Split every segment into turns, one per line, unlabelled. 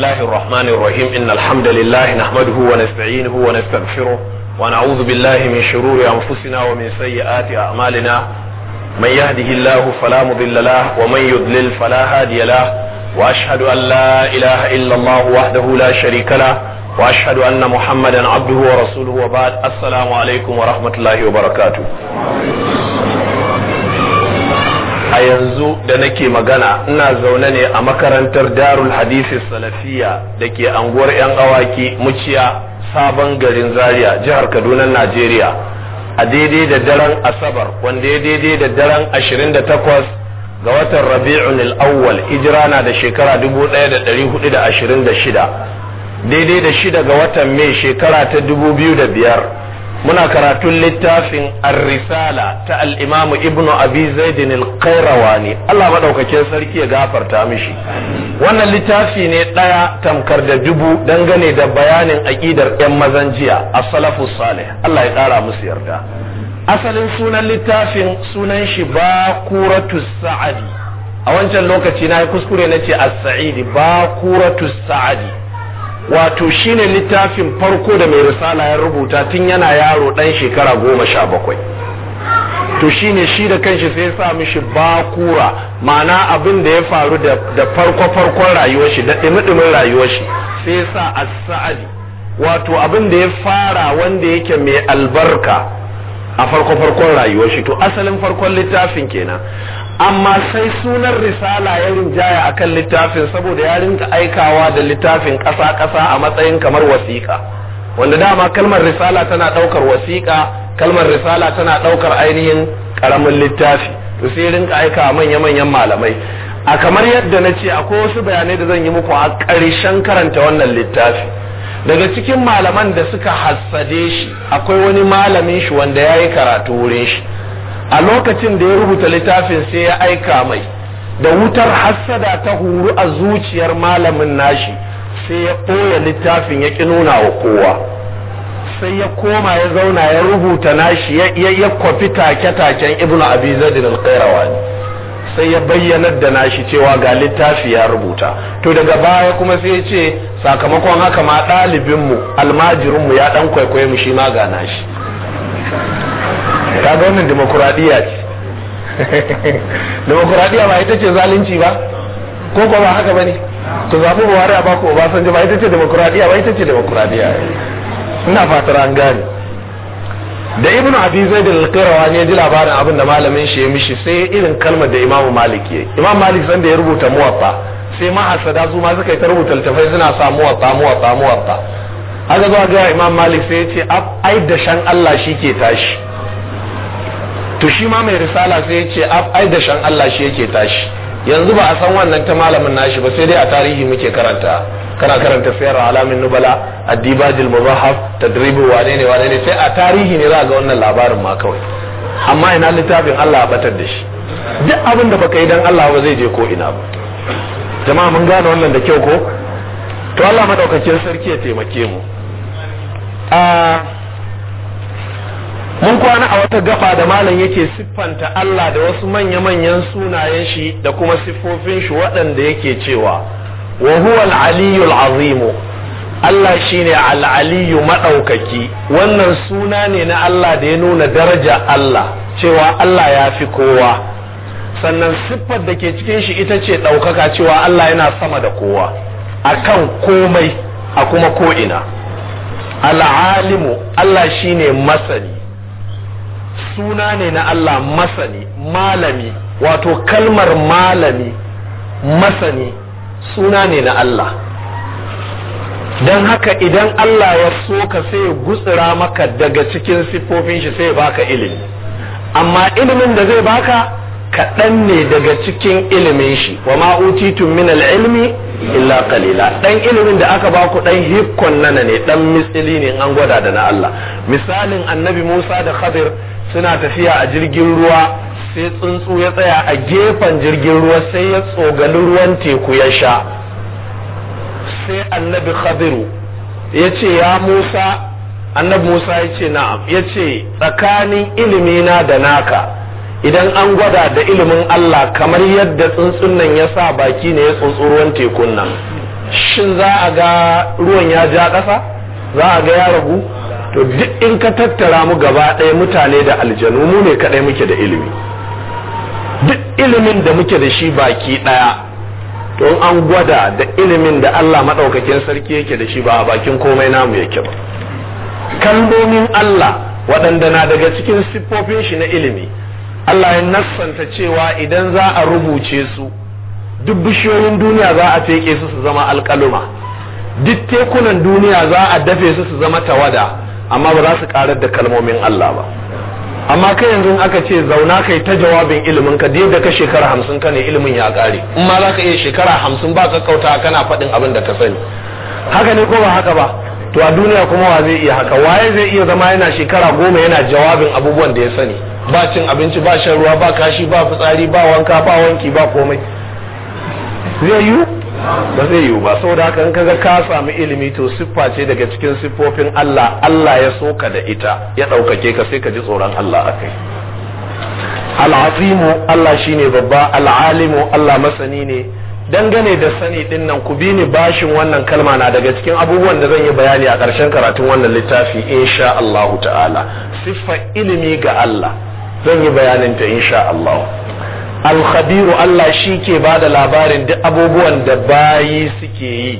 الله الرحمن الرحيم إن الحمد لله نحمده ونستعينه ونستغفره ونعوذ بالله من شرور أنفسنا ومن سيئات أعمالنا من يهده الله فلا مضل له ومن يضلل فلا هادي له وأشهد أن لا إله إلا الله وحده لا شريك له وأشهد أن محمدا عبده ورسوله وبعد السلام عليكم ورحمة الله وبركاته a yanzu da nake magana ina zaune ne a makarantar darul hadisi salafiya da ke anguwar 'yan awaki muciya sabon garin zaria jihar kaduna najeriya a daidai da daren asabar wanda ya daidai da daren 28 ga watan rabi'un al'awwal hijira na da shekara 1426 daidai da shida ga watan mai shekara ta 2005 muna karatun littafin ar-risala ta al-imamu ibnu abi zaidin al qairawani Allah madaukakin sarki ya gafarta mishi wannan littafi ne daya tamkar da dubu dangane da bayanin aqidar yan mazan jiya as-salafu salih Allah ya kara musu yarda asalin sunan littafin sunan shi bakuratu sa'adi a wancan lokaci na yi kuskure na ce as-sa'idi baquratu sa'adi wato shine littafin farko da mai risala ya rubuta tun yana yaro dan shekara goma sha bakwai to shine shi da kanshi sai ya sa mishi bakura ma'ana abin da ya faru da farko farkon rayuwarshi, shi da dimi-dimin rayuwar sai ya sa a saadi wato abin da ya fara wanda yake mai albarka a farko farkon rayuwar to asalin farkon littafin kenan amma sai sunan risala ya rinjaya a kan littafin saboda ya rinka aikawa da littafin ƙasa-ƙasa a matsayin kamar wasiƙa wanda dama kalmar risala tana ɗaukar wasiƙa kalmar risala tana ɗaukar ainihin ƙaramin littafi to sai rinka aika manya-manyan malamai a kamar yadda na ce akwai wasu bayanai da zan yi muku a ƙarshen karanta wannan littafi daga cikin malaman da suka hassade shi akwai wani malamin shi wanda ya yi karatu wurin shi a lokacin da ya rubuta littafin sai ya aika mai da wutar hassada ta huru a zuciyar malamin nashi sai ya ɓoye littafin ya ƙi nuna wa kowa sai ya koma ya zauna ya rubuta nashi ya kwafi take-taken ibnu abi zadin sai ya bayyanar da nashi cewa ga littafi ya rubuta to daga baya kuma sai ya ce sakamakon haka ma ɗalibinmu almajirinmu ya ɗan kwaikwayo mu shi ma ga nashi kaga wannan demokuraɗiyya ce demokuraɗiyya ba ita ce zalunci ba ko ba haka ba ne ku zaɓi wari a baku san ba ita ce demokuraɗiyya ba ita ce demokuraɗiyya ina fatar an gane da ibnu abi zaid al-qirawa ne ji labarin abin da malamin shi ya mishi sai irin kalmar da imam malik ya imam malik san da ya rubuta muwaffa sai ma hasada su ma suka yi ta rubuta littafai suna sa muwaffa muwaffa muwaffa haka zuwa ga imam malik sai ya ce ai da shan Allah shi ke tashi to shi ma mai risala sai ya ce ai da shan Allah shi yake tashi yanzu ba a san wannan ta malamin nashi ba sai dai a tarihi muke karanta kana karanta sayar alamin nubala addibajil mubahaf tadribu wane ne wane ne sai a tarihi ne za ga wannan labarin ma kawai amma ina littafin Allah a batar da shi duk abin da baka yi dan Allah ba zai je ko ina ba jama'a mun gane wannan da kyau ko to Allah madaukakin sarki ya taimake mu a ah, mun kwana a wata gafa da malam yake siffanta Allah da wasu manya-manyan sunayen shi da kuma siffofin shi waɗanda yake cewa wa huwa al-aliyul azimu Allah shine al-aliyu madaukaki wannan suna ne na Allah da ya nuna daraja Allah cewa Allah ya fi kowa sannan siffar da ke cikin shi ita ce ɗaukaka cewa Allah yana sama da kowa akan komai a kuma ko'ina al-alimu Allah shine masani suna ne na Allah masani malami wato kalmar malami masani suna ne na Allah don haka idan Allah ya so ka sai ya gutsira maka daga cikin siffofin shi sai baka ilimi amma ilimin da zai baka kaɗan ne daga cikin ilimin shi wa ma'utitun min ilmi illa qalila dan ilimin da aka baku dan hikkon nana ne dan misali ne an gwada da na Allah misalin annabi Musa da Khadir suna tafiya a jirgin ruwa sai tsuntsu ya tsaya a gefen jirgin ruwa sai ya tsogali ruwan teku ya sha sai annabi khadiru ya ce ya musa annabi musa ya ce na'am ya ce tsakanin ilimina da naka idan an gwada da ilimin allah kamar yadda tsuntsun nan ya sa baki ne ya tsuntsu ruwan tekun nan shin za a ga ruwan ya ja ƙasa za a ga ya ragu to duk in ka tattara mu gaba ɗaya mutane da aljanu mu ne kaɗai muke da ilimi duk ilimin da muke da shi baki ɗaya to an gwada da ilimin da Allah maɗaukakin sarki yake da shi ba a bakin komai namu yake ba kalmomin Allah waɗanda na daga cikin siffofin shi na ilimi Allah ya nassanta cewa idan za a rubuce su duk bishiyoyin duniya za a feke su su zama alƙaluma duk tekunan duniya za a dafe su su zama tawada amma ba za su karar da kalmomin Allah ba amma kai yanzu aka ce zauna kai ta jawabin ilimin ka da ka shekara hamsin ka ne ilimin ya kare in ma za ka iya shekara hamsin ba ka kauta kana faɗin abin da ka sani haka ne ko ba haka ba to a duniya kuma wa zai iya haka waye zai iya zama yana shekara goma yana jawabin abubuwan da ya sani ba cin abinci ba shan ruwa ba kashi ba fitsari ba wanka ba wanki ba komai zai yiwu ba zai yiwu ba saboda haka in kaga ka samu ilimi to siffa ce daga cikin siffofin Allah Allah ya soka da ita ya ɗaukake ka sai ka ji tsoron Allah a kai al'azimu Allah shine babba al'alimu Allah masani ne dangane da sani din nan ku bi ni bashin wannan kalma na daga cikin abubuwan da zan yi bayani a ƙarshen karatun wannan littafi insha Allahu ta'ala siffa ilimi ga Allah zan yi bayanin ta insha Allah
alkhabiru
Allah shi ke ba da labarin duk abubuwan da bayi suke yi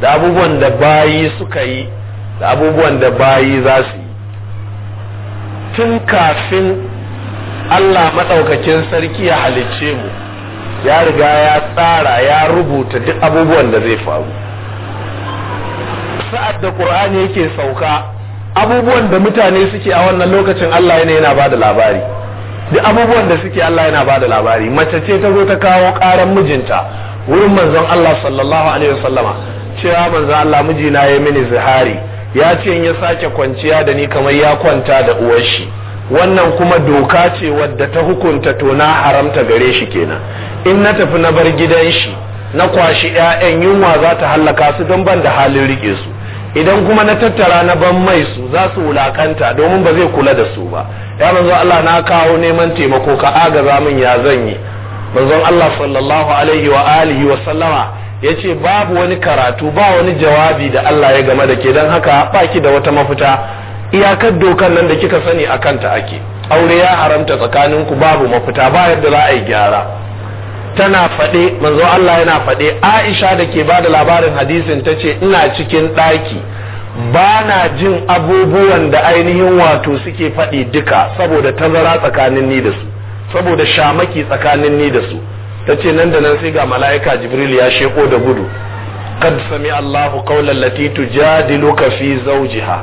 da abubuwan da bayi suka yi da abubuwan da bayi za su yi tun kafin Allah maɗaukakin sarki ya halicce mu ya riga ya tsara ya rubuta duk abubuwan da zai faru sa'ad da ƙur'ani yake sauka abubuwan da mutane suke a wannan lokacin Allah yana yana ba da labari duk abubuwan da suke Allah yana bada labari mace ce ta zo ta kawo karan mijinta wurin manzon Allah sallallahu alaihi wasallama cewa manzon Allah mijina ya mini zihari ya ce in ya sake kwanciya da ni kamar ya kwanta da uwar shi wannan kuma doka ce wadda ta hukunta to na haramta gare shi kenan in na tafi na bar gidan shi na kwashi 'ya'yan yunwa za ta hallaka su don ban da halin rike su idan kuma na tattara na ban mai su za su wulakanta domin ba zai kula da su ba
ya manzo Allah
na kawo neman taimako ka agaza min ya zan yi manzon Allah sallallahu alaihi wa alihi wa sallama yace babu wani karatu ba wani jawabi da Allah ya game da ke dan haka ba ki da wata mafita iyakar dokan nan da kika sani akan ta ake aure ya haramta tsakaninku babu mafita ba yadda za a yi gyara tana faɗe manzo Allah yana faɗe Aisha da ke ba da labarin hadisin ta ce ina cikin ɗaki ba na jin abubuwan da ainihin wato suke faɗi duka saboda tazara tsakanin ni da su saboda shamaki tsakanin ni da su ta ce nan da nan sai ga mala'ika jibril ya sheko da gudu kad sami Allahu qawlan lati tujadiluka fi zawjiha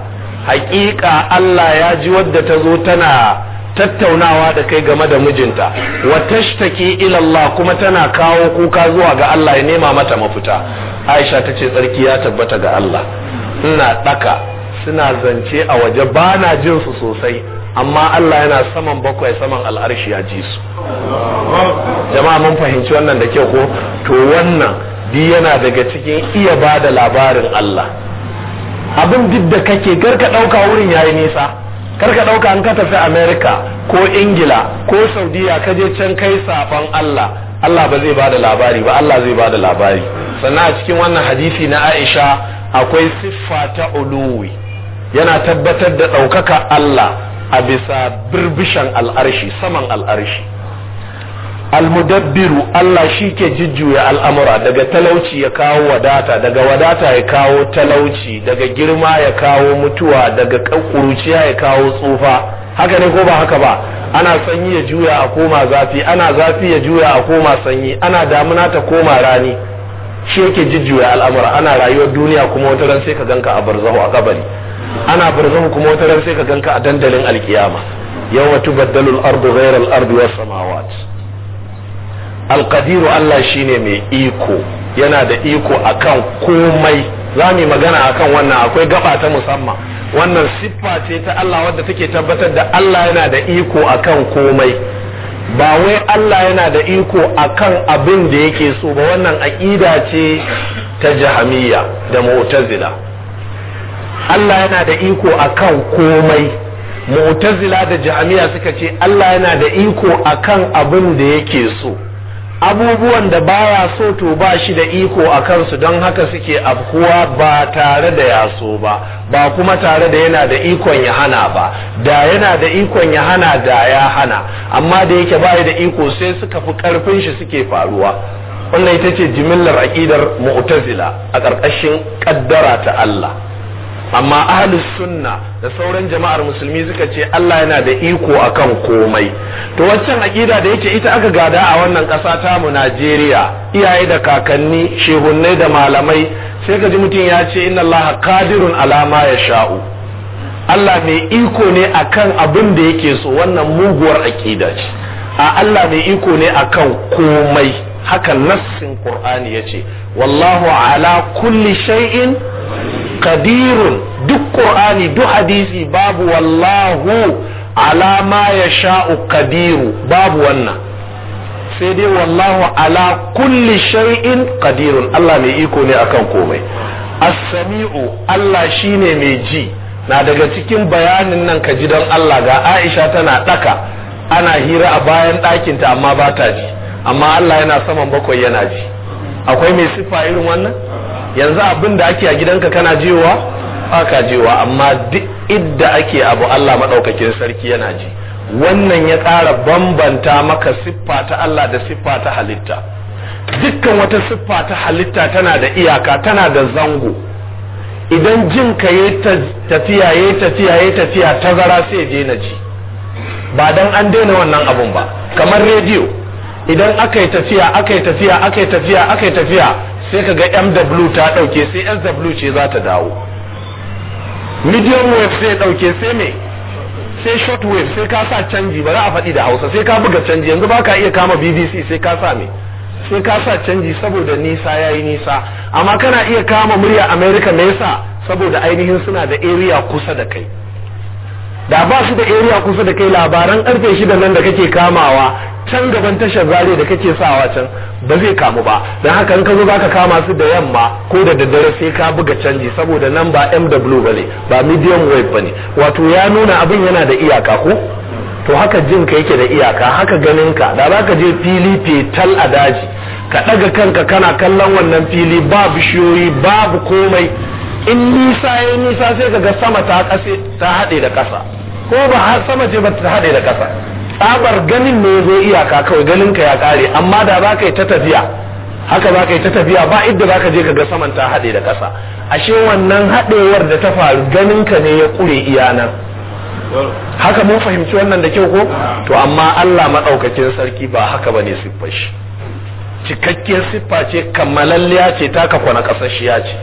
haƙiƙa Allah ya ji wadda ta zo tana tattaunawa da kai game da mijinta wa tashtaki ila Allah kuma tana kawo kuka zuwa ga Allah ya nema mata mafita Aisha ta ce tsarki ya tabbata ga Allah ina daka suna zance a waje ba na jin su sosai amma Allah yana saman bakwai saman al'arshi ya ji su jama'a mun fahimci wannan da kyau ko to wannan bi yana daga cikin iya bada labarin Allah abin duk da kake garka ɗauka wurin yayi nisa kar ka ɗauka an ka tafi america ko ingila ko saudiya ka je can kai saɓon allah allah ba zai bada labari ba allah zai bada labari sannan a cikin wannan hadisi na aisha akwai siffa ta uluwi
yana tabbatar da ɗaukaka
allah a bisa birbishan al'arshi saman al'arshi almudabbiru Allah shi ke jujjuya al'amura daga talauci ya kawo wadata daga wadata ya kawo talauci daga girma ya kawo mutuwa daga ƙuruciya ya kawo tsufa haka ne ko ba haka ba ana sanyi ya juya a koma zafi ana zafi ya juya a koma sanyi ana damuna ta koma rani shi yake jujjuya al'amura ana rayuwar duniya kuma wata ran sai ka ganka a barzahu a kabari ana barzahu kuma wata ran sai ka ganka a dandalin alkiyama yawma tubaddalu al-ardu ghayra al was alkadiru Allah shine mai iko yana da iko akan komai za mu yi magana akan wannan akwai gaba ta musamman wannan siffa ce ta Allah wadda take tabbatar da Allah yana da iko akan komai ba wai Allah yana da iko akan abin da yake so ba wannan aƙida ce ta jahamiyya da mu'tazila Allah yana da iko akan komai mu'tazila da jahamiyya suka ce Allah yana da iko akan abin da yake so abubuwan da baya so to ba shi da iko a kansu don haka suke afkuwa ba tare da yaso ba ba kuma tare da yana da ikon ya hana ba da yana da ikon ya hana da ya hana amma da yake baya da iko sai suka fi karfin shi suke faruwa wannan ita ce jimillar aƙidar mu'tazila a ƙarƙashin ƙaddara ta Allah amma ahlus sunna da sauran jama'ar musulmi suka ce Allah yana da iko akan komai to waccan aqida da yake ita aka gada a wannan ƙasa ta mu Najeriya iyaye da kakanni shehunnai da malamai sai ka ji mutum ya ce inna Allah qadirun ala ma yasha'u Allah mai iko ne akan abin da yake so wannan muguwar aqida ce a Allah mai iko ne akan komai haka nassin Qur'ani yace wallahu ala kulli shay'in قدير duk قرآن duk hadisi babu wallahu على ما يشاء قدير babu wannan sai dai wallahu ala kulli قدير الله Allah mai iko ne akan komai as-sami'u Allah shine mai ji na daga cikin bayanin nan ka ji don Allah ga Aisha tana daka ana hira a bayan ɗakinta amma ba ta ji amma Allah yana saman bakwai yana ji akwai mai siffa irin wannan yanzu abin da ake a gidanka kana jiwa baka jiwa amma duk idda ake abu Allah maɗaukakin sarki yana ji wannan ya ƙara bambanta maka siffa ta Allah da siffa ta halitta dukkan wata siffa ta halitta tana da iyaka tana da zango idan jin ka yi tafiya yi tafiya yi tafiya tazara sai je na ji ba dan an daina wannan abun ba kamar rediyo idan aka tafiya aka yi tafiya aka yi tafiya aka yi tafiya sai ka ga mw ta dauke sai sw ce za ta dawo
medium wave
sai dauke sai me sai short wave sai ka sa canji ba za a faɗi da hausa sai ka buga canji yanzu ba ka iya kama bbc sai ka sa me sai ka sa canji saboda nisa ya yi nisa amma kana iya kama murya america me yasa saboda ainihin suna da area kusa da kai da ba su da area kusa da kai labaran karfe shida nan da kake kamawa can gaban tashar zare da kake sawa can ba zai kamu ba don haka in ka zo zaka kama su da yamma ko da daddare sai ka buga canji saboda nan ba MW bane ba medium wave bane wato ya nuna abin yana da iyaka ko to haka jin ka yake da iyaka haka ganin ka da ka je fili fetal a daji ka ɗaga kanka kana kallon wannan fili ba bishiyoyi babu komai in nisa ya nisa sai ka ga sama ta kase ta haɗe da ƙasa ko ba har sama ce ba ta haɗe da ƙasa tsabar ganin ne zo iyaka kawai ganinka ya ƙare amma da za ka yi ta tafiya haka za ka yi ta tafiya ba idda za ka je ka ga saman ta haɗe da ƙasa ashe wannan haɗewar da ta faru ganinka ne ya ƙure iyanan haka mun fahimci wannan da kyau ko to amma Allah maɗaukakin sarki ba haka ba ne siffar shi cikakkiyar siffa ce kammalalliya ce taka kwana ƙasashiya ce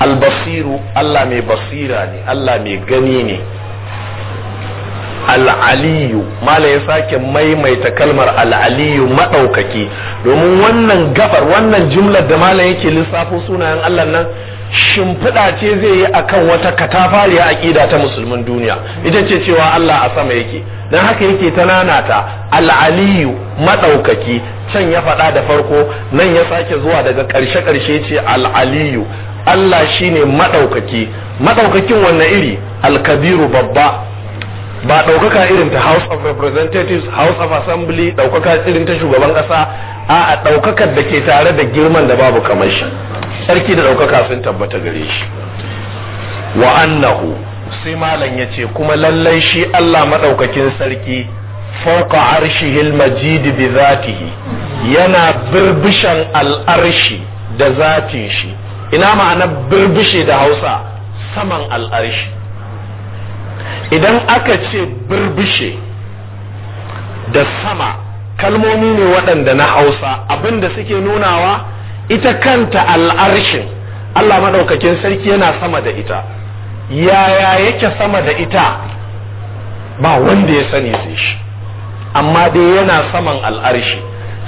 albasiru Allah mai basira ne Allah mai gani ne al'aliyu mala ya sake maimaita kalmar al'aliyu maɗaukaki domin wannan gafar wannan jumlar da mala yake lissafo sunayen allah nan shimfiɗa ce zai yi akan wata katafariya aƙida ta musulmin duniya ita ce cewa allah a sama yake don haka yake ta nanata al'aliyu maɗaukaki can ya faɗa da farko nan ya sake zuwa daga ƙarshe-ƙarshe ce al'aliyu allah shine maɗaukaki maɗaukakin wannan iri alkabiru babba ba ɗaukaka irin ta house of representatives house of assembly ɗaukaka irin ta shugaban ƙasa a a ɗaukakar da ke tare da girman da babu kamar shi sarki da ɗaukaka sun tabbata gare shi wa annahu sai malam ya ce kuma lallai shi allah maɗaukakin sarki fauka arshihil majidi bi zatihi yana birbishan al'arshi da zatin shi ina ma'anar birbishe da hausa saman al'arshi idan aka ce birbishe da sama kalmomi ne waɗanda na hausa abinda suke nunawa ita kanta al'arshin Allah maɗaukakin sarki yana sama da ita yaya yake sama da ita ba wanda ya sani sai shi amma dai yana saman al'arshi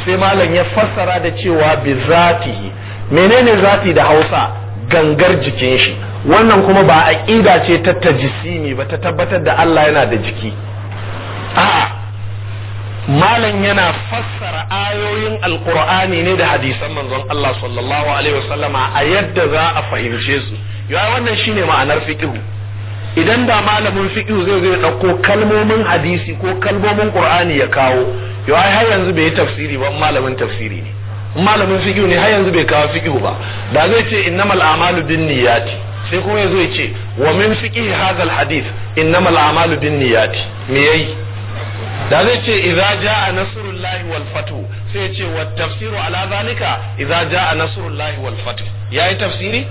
sai malam ya fassara da cewa bi zatihi menene zati da hausa gangar jikin shi wannan kuma ba aƙida ce ta ne ba ta tabbatar da Allah yana da jiki a'a malam yana fassara ayoyin alkur'ani ne da hadisan manzon Allah sallallahu alaihi wasallama a yadda za a fahimce su yawa wannan shine ma'anar fiqhu idan da malamin fiqhu zai zai dauko kalmomin hadisi ko kalmomin qur'ani ya kawo yawa har yanzu bai tafsiri ba malamin tafsiri ne malamin fiqhu ne har yanzu bai kawo fiqhu ba da zai ce innamal a'malu binniyati sai kuma yazo ya ce wa min hazal hadha innama innamal a'malu binniyati me yayi da zai ce idza jaa nasrullahi wal fatu sai ya ce wa tafsiru ala zalika idza jaa nasrullahi wal fatu yayi tafsiri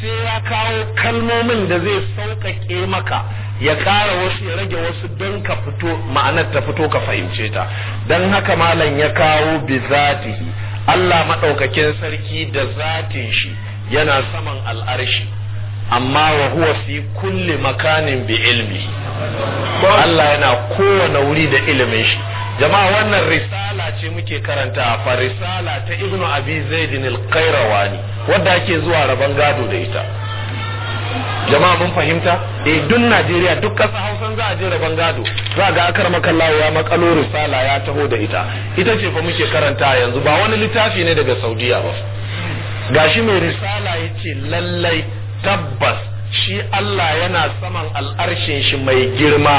sai ya kawo kalmomin da zai sauƙaƙe maka ya kara wasu ya rage wasu don ka fito ma'anar ta fito ka fahimce ta don haka malam ya kawo bi Allah maɗaukakin sarki da zatin shi yana saman al'arshi amma wa huwa fi kulli makanin bi ilmi Allah yana kowane wuri da ilimin shi jama'a wannan risala ce muke karanta fa risala ta ibnu abi zaidin al-qayrawani wadda ake zuwa raban gado da ita jama'a mun fahimta eh duk Najeriya duk ƙasa Hausan za a je raban gado za ga akar makallawa ya makalo risala ya taho da ita ita ce fa muke karanta yanzu ba wani littafi ne daga Saudiya ba gashi mai risala yace lallai tabbas shi Allah yana saman al'arshin shi mai girma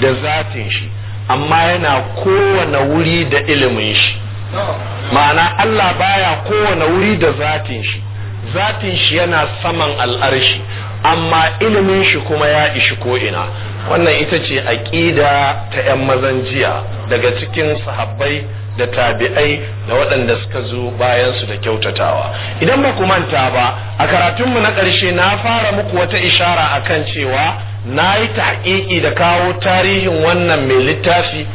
da zatin shi amma yana kowane wuri da ilimin shi ma'ana Allah baya kowane wuri da zatin shi zatin shi yana saman al'arshi amma ilimin shi kuma ya ishi ko'ina wannan ita ce aƙida ta 'yan mazan jiya daga cikin sahabbai da tabi'ai da waɗanda suka zo bayan su da kyautatawa idan ba manta ba a karatunmu na ƙarshe na fara muku wata ishara a kan cewa na yi taƙiƙi da kawo tarihin wannan mai littafi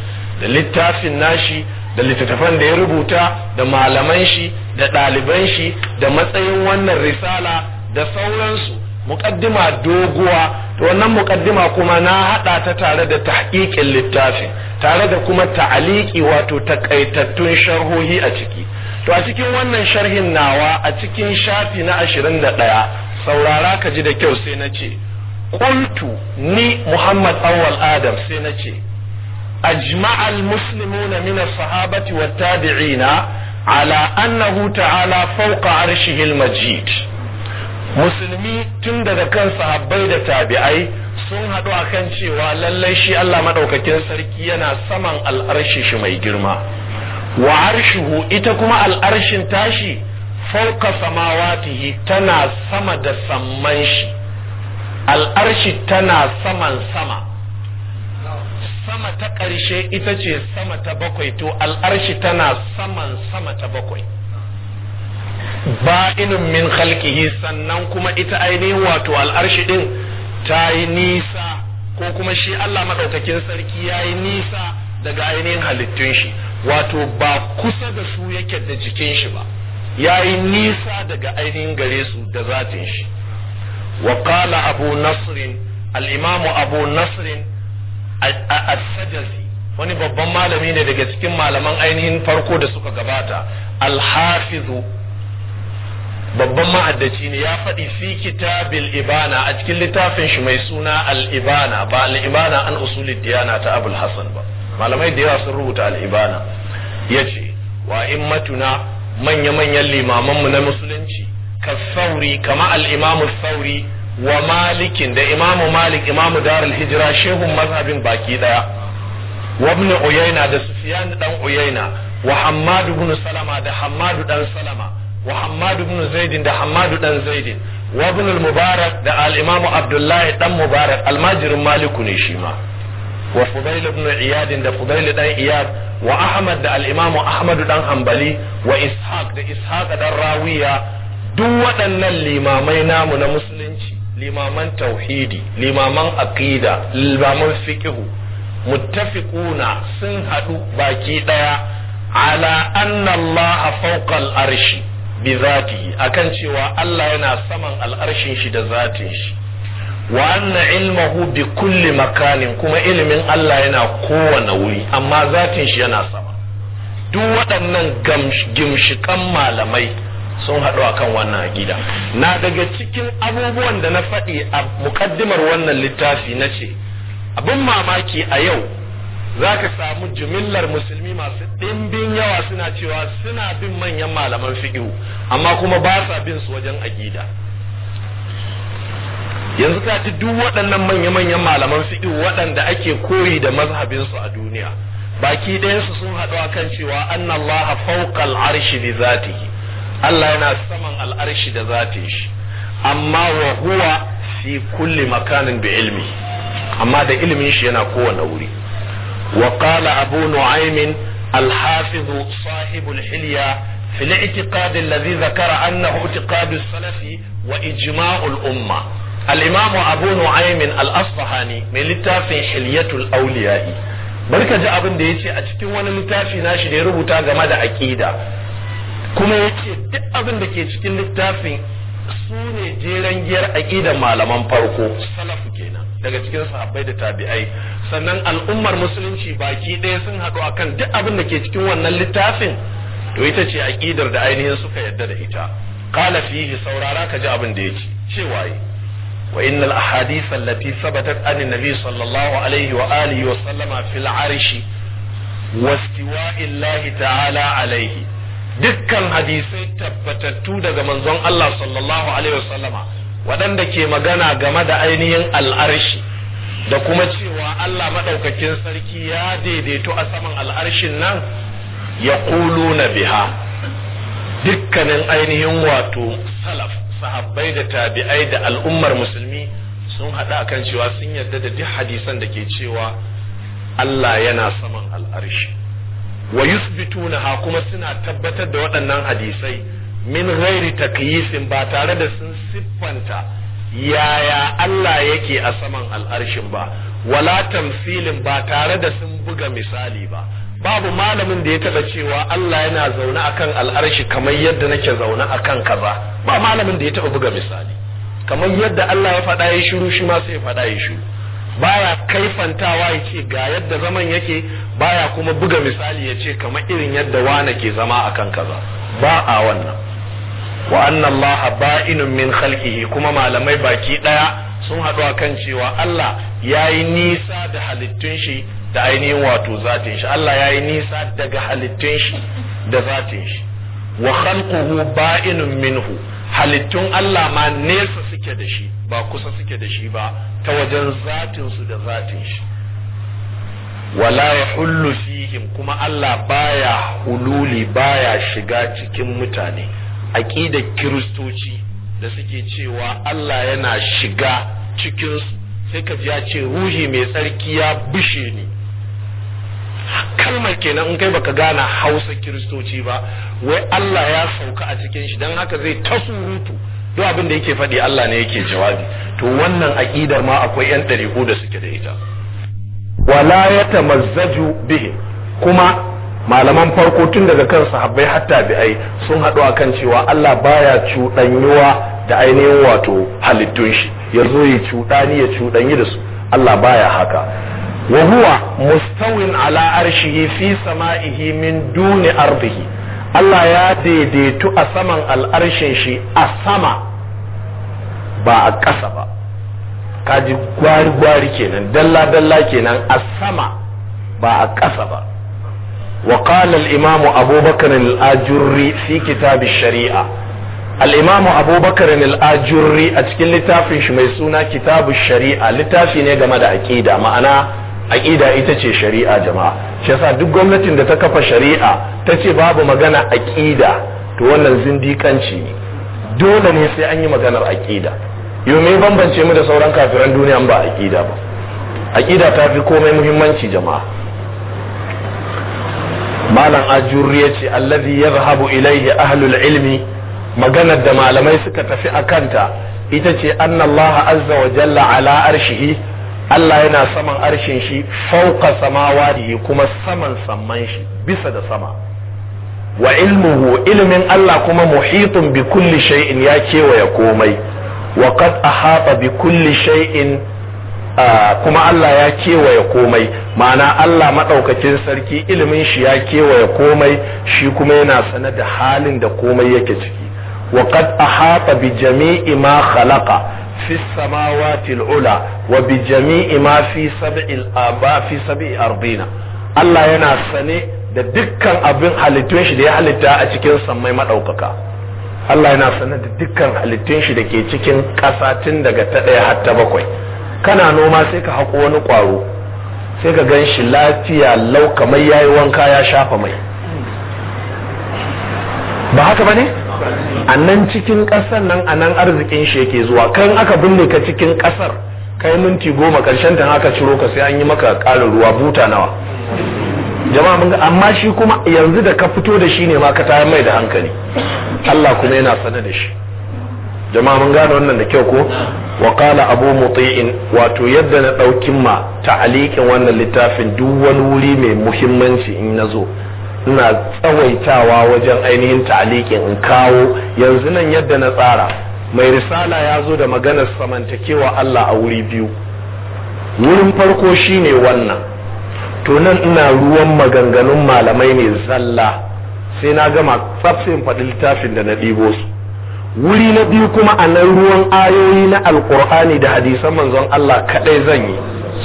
da littafin nashi da littattafan da ya rubuta da malaman shi da ɗaliban shi da matsayin wannan risala da sauransu muqaddima doguwa to wannan muqaddima kuma na hada ta tare da tahqiqin littafi tare da kuma ta'aliki wato takaitattun sharhohi a ciki to a cikin wannan sharhin nawa a cikin shafi na 21 saurara ka ji da kyau sai na ce qultu ni muhammad awwal adam sai na ce min as sahabati wat tabi'ina ala annahu ta'ala fawqa arshihil majid musulmi tun daga kan sahabbai da tabi'ai sun haɗu a kan cewa lallai shi Allah maɗaukakin sarki yana saman al'arshi shi mai girma wa arshihu ita kuma al'arshin tashi fauka samawatihi tana sama da samman shi al'arshi tana saman sama sama ta ƙarshe ita ce sama ta bakwai to al'arshi tana saman sama ta bakwai ba'inun min khalqihi sannan kuma ita ainihin wato al'arshi din ta yi nisa ko kuma shi Allah madaukakin sarki ya yi nisa daga ainihin halittun shi wato ba kusa da su yake da jikin shi ba ya yi nisa daga ainihin gare su da zatin shi wa qala abu nasrin al-imamu abu nasrin al sajazi wani babban malami ne daga cikin malaman ainihin farko da suka gabata al-hafizu babban ma'addaci ne ya faɗi fi kitabil ibana a cikin littafin shi mai suna al-ibana ba al-ibana an usuli diyana ta abul hasan ba malamai da yawa sun rubuta al-ibana ya ce wa immatuna manya-manyan limamanmu na musulunci ka sauri kama al sauri wa malikin da imamu malik imamu darul hijira shehun mazhabin baki daya
wa ibn uyayna da
sufyan dan uyayna wa hammadu ibn salama da hammadu dan salama wa Hammadu ibn Zaidin da Hammadu dan Zaidin wa ibn da al-Imam dan Mubarak almajirin Maliku ne shima ma wa Fudail ibn Iyad da Fudail dan Iyad wa Ahmad da al-Imam Ahmad dan hambali wa Ishaq da Ishaq dan Rawiya duk waɗannan limamai namu na musulunci limaman tauhidi limaman aqida limaman fiqhu muttafiquna sun haɗu baki ɗaya ala anna Allah fawqa al-arshi bi zatihi akan cewa Allah yana saman al'arshin shi da zatin shi wa anna ilmahu bi kulli makanin kuma ilimin Allah yana kowane wuri amma zatin shi yana sama duk waɗannan gimshikan malamai sun haɗu akan wannan gida. na daga cikin abubuwan da na faɗi a mukaddimar wannan littafi na ce abin mamaki a yau za ka samu jimillar musulmi masu ɗimbin yawa suna cewa suna bin manyan malaman fiƙihu amma kuma ba sa bin su wajen aƙida yanzu ka ci duk waɗannan manya-manyan malaman fiƙihu waɗanda ake koyi da mazhabinsu a duniya baki su sun haɗu a kan cewa annallaha fawqa arshi bi zatihi Allah yana saman al'arshi da zatin shi
amma wa huwa
fi kulli makanin bi ilmi amma da ilimin shi yana kowane wuri وقال أبو نعيم الحافظ صاحب الحلية في الاعتقاد الذي ذكر أنه اعتقاد السلف وإجماع الأمة الإمام أبو نعيم الأصفهاني من لتافي حلية الأولياء barka ji abin da ya ce a cikin wani littafi na shi ya rubuta game da aƙida kuma ya ce duk abin ke cikin littafin su ne giyar malaman farko salafu kenan daga cikin sahabbai da tabi'ai sannan al'ummar musulunci baki ɗaya sun haɗu akan duk abin da ke cikin wannan littafin to ita ce aƙidar da ainihin suka yadda da ita qala fihi saurara ka ji abin da yake cewa yi wa innal ahadith allati sabatat an nabi sallallahu alaihi wa alihi wa sallama fil arshi wastiwa'illahi ta'ala alaihi dukkan hadisai tabbatattu daga manzon Allah sallallahu alaihi wa sallama waɗanda ke magana game da ainihin al'arshi da kuma cewa Allah maɗaukakin sarki ya daidaito a saman al'arshin nan ya na biha dukkanin ainihin wato salaf sahabbai da tabi'ai da al'ummar musulmi sun haɗa kan cewa sun yarda da duk hadisan da ke cewa Allah yana saman al'arshi wa yusbituna ha kuma suna tabbatar da waɗannan hadisai min ghairi takyisin ba tare da sun siffanta yaya Allah yake a saman al'arshin ba wala tamsilin ba tare da sun buga misali ba babu malamin da ya taba cewa Allah yana zaune akan al'arshi kamar yadda nake zaune akan kaza ba malamin da ya taba buga misali kamar yadda Allah ya faɗa ya shiru shi ma sai ya faɗa ya shiru baya kaifantawa ya ce ga yadda zaman yake baya kuma buga misali ya ce kamar irin yadda wane ke zama akan kaza ba a wannan wa anna allaha ba'inun min khalqihi kuma malamai baki daya sun haɗu kan cewa Allah ya yi nisa da halittun shi da ainihin wato zatin shi Allah ya yi nisa daga halittun shi da zatin shi wa khalquhu ba'inun minhu halittun Allah ma nesa suke da shi ba kusa suke da shi ba ta wajen zatin su da zatin shi wala yahullu fihim kuma Allah baya hululi baya shiga cikin mutane aƙidar kiristoci da suke cewa Allah yana shiga cikin sai ka ya ce ruhi mai tsarki ya bushe ni kalmar kenan in kai baka gane hausa kiristoci ba wai Allah ya sauka a cikin shi don haka zai ta surutu duk abin da yake faɗi Allah ne yake jawabi to wannan aƙidar ma akwai 'yan ɗariƙu da suke da ita wala ya tamazzaju bihi kuma malaman farko tun daga kan sahabbai hatta bi'ai sun haɗu akan cewa Allah baya cuɗanyuwa da ainihin wato halittun shi ya zo ya cuɗani ya cuɗanyi da su Allah baya haka wa huwa mustawin ala arshihi fi sama'ihi min duni ardihi Allah ya daidaitu a saman al'arshin shi a sama ba a ƙasa ba kaji gwari-gwari kenan dalla-dalla kenan a sama ba a ƙasa ba وقال الإمام أبو بكر الآجري في كتاب الشريعة الإمام أبو بكر الآجري أتكل لتافي شميسونا كتاب الشريعة لتافي نيجا دا أكيدا معنا aƙida ita ce shari'a jama'a shi yasa duk gwamnatin da ta kafa shari'a ta ce babu magana aƙida to wannan zindikanci ne dole ne sai an yi maganar aƙida yau me bambance mu da sauran kafiran duniya ba aƙida ba aƙida ta fi komai muhimmanci jama'a malam ajuri ya ce allazi yadhhabu ilaihi ahlul ilmi maganar da malamai suka tafi a kanta ita ce annallaha azza wa jalla ala arshihi Allah yana saman arshin shi fauka samawatihi kuma saman samman shi bisa da sama wa ilmuhu ilmin Allah kuma muhitun bi kulli shay'in ya kewaya komai wa qad ahata bi kulli shay'in kuma Allah ya kewaye komai ma'ana Allah maɗaukakin sarki ilimin shi ya kewaye komai shi kuma yana sane da halin da komai yake ciki wa qad ahata bi jami'i ma khalaqa fi samawati al'ula wa bi jami'i ma fi sab'i al'aba fi sab'i ardina Allah yana sane da dukkan abin halittun shi da ya halitta a cikin sammai madaukaka Allah yana sane da dukkan halittun shi da ke cikin ƙasa tun daga ta ɗaya har ta bakwai kana noma sai ka haƙo wani ƙwaro sai ka gan shi lafiya lau kamar yayi wanka ya shafa mai ba haka ba ne a nan cikin ƙasar nan a nan arzikin shi yake zuwa kan aka binne ka cikin ƙasar kai minti goma ƙarshen ta aka ciro ka sai an yi maka ƙarin ruwa buta nawa jama'a mun amma shi kuma yanzu da ka fito da shi ne ma ka tayar mai da hankali Allah kuma yana sane da shi jama'a mun gane wannan da kyau ko wa qala abu muti'in wato yadda na daukin ma ta'alikin wannan littafin duk wani wuri mai muhimmanci in nazo ina tsawaitawa wajen ainihin ta'alikin in kawo yanzu nan yadda na tsara mai risala ya zo da maganar samantakewa Allah a wuri biyu
wurin farko shine
wannan to nan ina ruwan maganganun malamai ne zalla sai na gama tsafin faɗi littafin da na ɗibo su wuri na biyu kuma a nan ruwan ayoyi na alkur'ani da hadisan manzon Allah kaɗai zan yi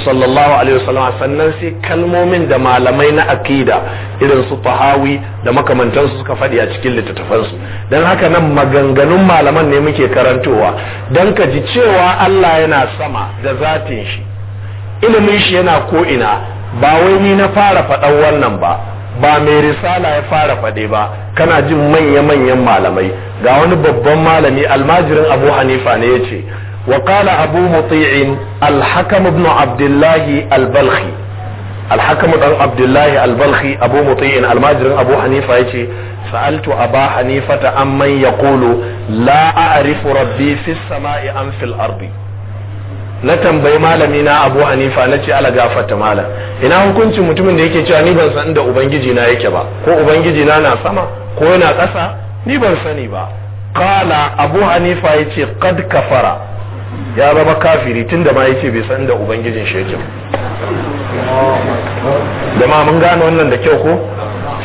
sallallahu alaihi wasallam sannan sai kalmomin da malamai na akida irin su fahawi da makamantansu suka faɗi a cikin littattafansu don haka nan maganganun malaman ne muke karantowa don ka ji cewa Allah yana sama da zatin shi ilimin shi yana ko'ina ba wai ni na fara faɗan wannan ba ba mai risala ya fara faɗe ba kana jin manya-manyan malamai ga wani babban malami almajirin abu hanifa ne ya ce waƙala abu mutu'in alhakam abdullahi albalhi alhakam abu mutu'in almajirin abu hanifa ce sa'altu aba hanifata amman yaqulu la a'rifu rabbi fis sama'i am fil arbi. na tambayi malami na abu hanifa na ce ala gafata malam ina hukuncin mutumin da yake cewa ni ban san da ubangiji na yake ba ko ubangiji na na sama ko yana ƙasa ni ban sani ba kala abu hanifa ya ce kad kafara ya zama kafiri tun da ma ya ce bai san da ubangijin shi yake ma mun gane wannan da kyau ko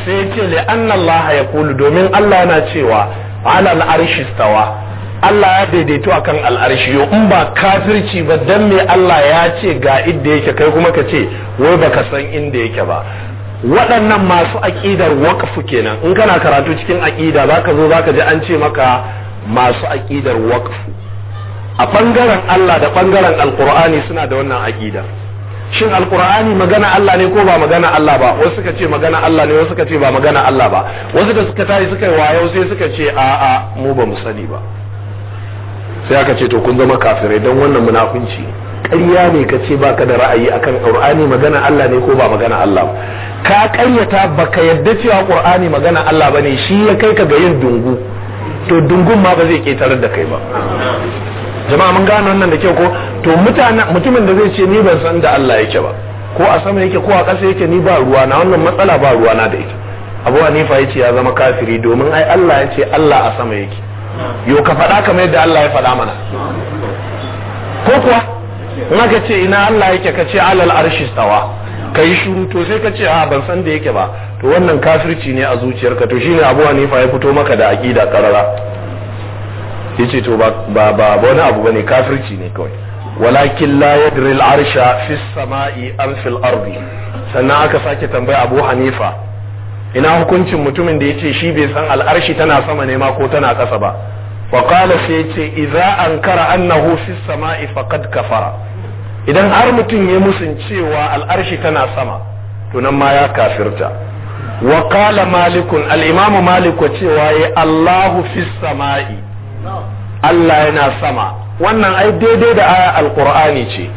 sai ya ce li anna ya kulu domin allah na cewa ala arshi stawa Allah ya daidaito akan al'arshi yo in ba kafirci ba dan me Allah ya ce ga inda yake kai kuma ka ce wai baka san inda yake ba waɗannan masu aƙidar waƙafu kenan in kana karatu cikin aƙida ka zo ka ji an ce maka masu aƙidar waƙafu a ɓangaren Allah da ɓangaren alƙur'ani suna da wannan aƙida shin alƙur'ani magana Allah ne ko ba magana Allah ba wasu suka ce magana Allah ne wasu suka ce ba magana Allah ba wasu da suka tashi suka yi wayo sai suka ce a'a mu ba mu sani ba sai aka ce to kun zama kafirai don wannan munafunci ƙarya ne ka ce baka da ra'ayi akan ƙurani magana Allah ne ko ba magana Allah ba ka ƙaryata baka yadda cewa qur'ani magana Allah bane shi ya kai ka ga yin dungu to dungun ma ba zai ketarar da kai ba jama'a mun gano wannan da kyau ko to mutumin da zai ce ni ban san da Allah yake ba ko a sama yake ko a ƙasa yake ni ba ruwa na wannan matsala ba ruwa na da ita abu hanifa ya ce ya zama kafiri domin ai Allah ya ce Allah a sama yake Yau ka faɗa kamar yadda Allah ya faɗa mana ko kuwa na ka ce ina Allah yake ka ce alal arshi tsawa ka yi shuru to sai ka ce a ban san da yake ba to wannan kafirci ne a zuciyarka to shine Abu Hanifa ya fito maka da aqida karara yace to ba ba ba wani abu bane kafirci ne kawai walakin la yadri al arsha fi samai am fil ardi sannan aka sake tambaya Abu Hanifa ina hukuncin mutumin da ya ce shi bai san al'arshi tana sama ne ma ko tana ƙasa ba wa qala sai yace idza ankara annahu fis sama'i faqad kafara idan har mutum ya musun cewa al'arshi tana sama to nan ma ya kafirta wa qala malikun al-imamu malik cewa ya Allahu fis sama'i Allah yana sama wannan ai daidai da aya alqur'ani ce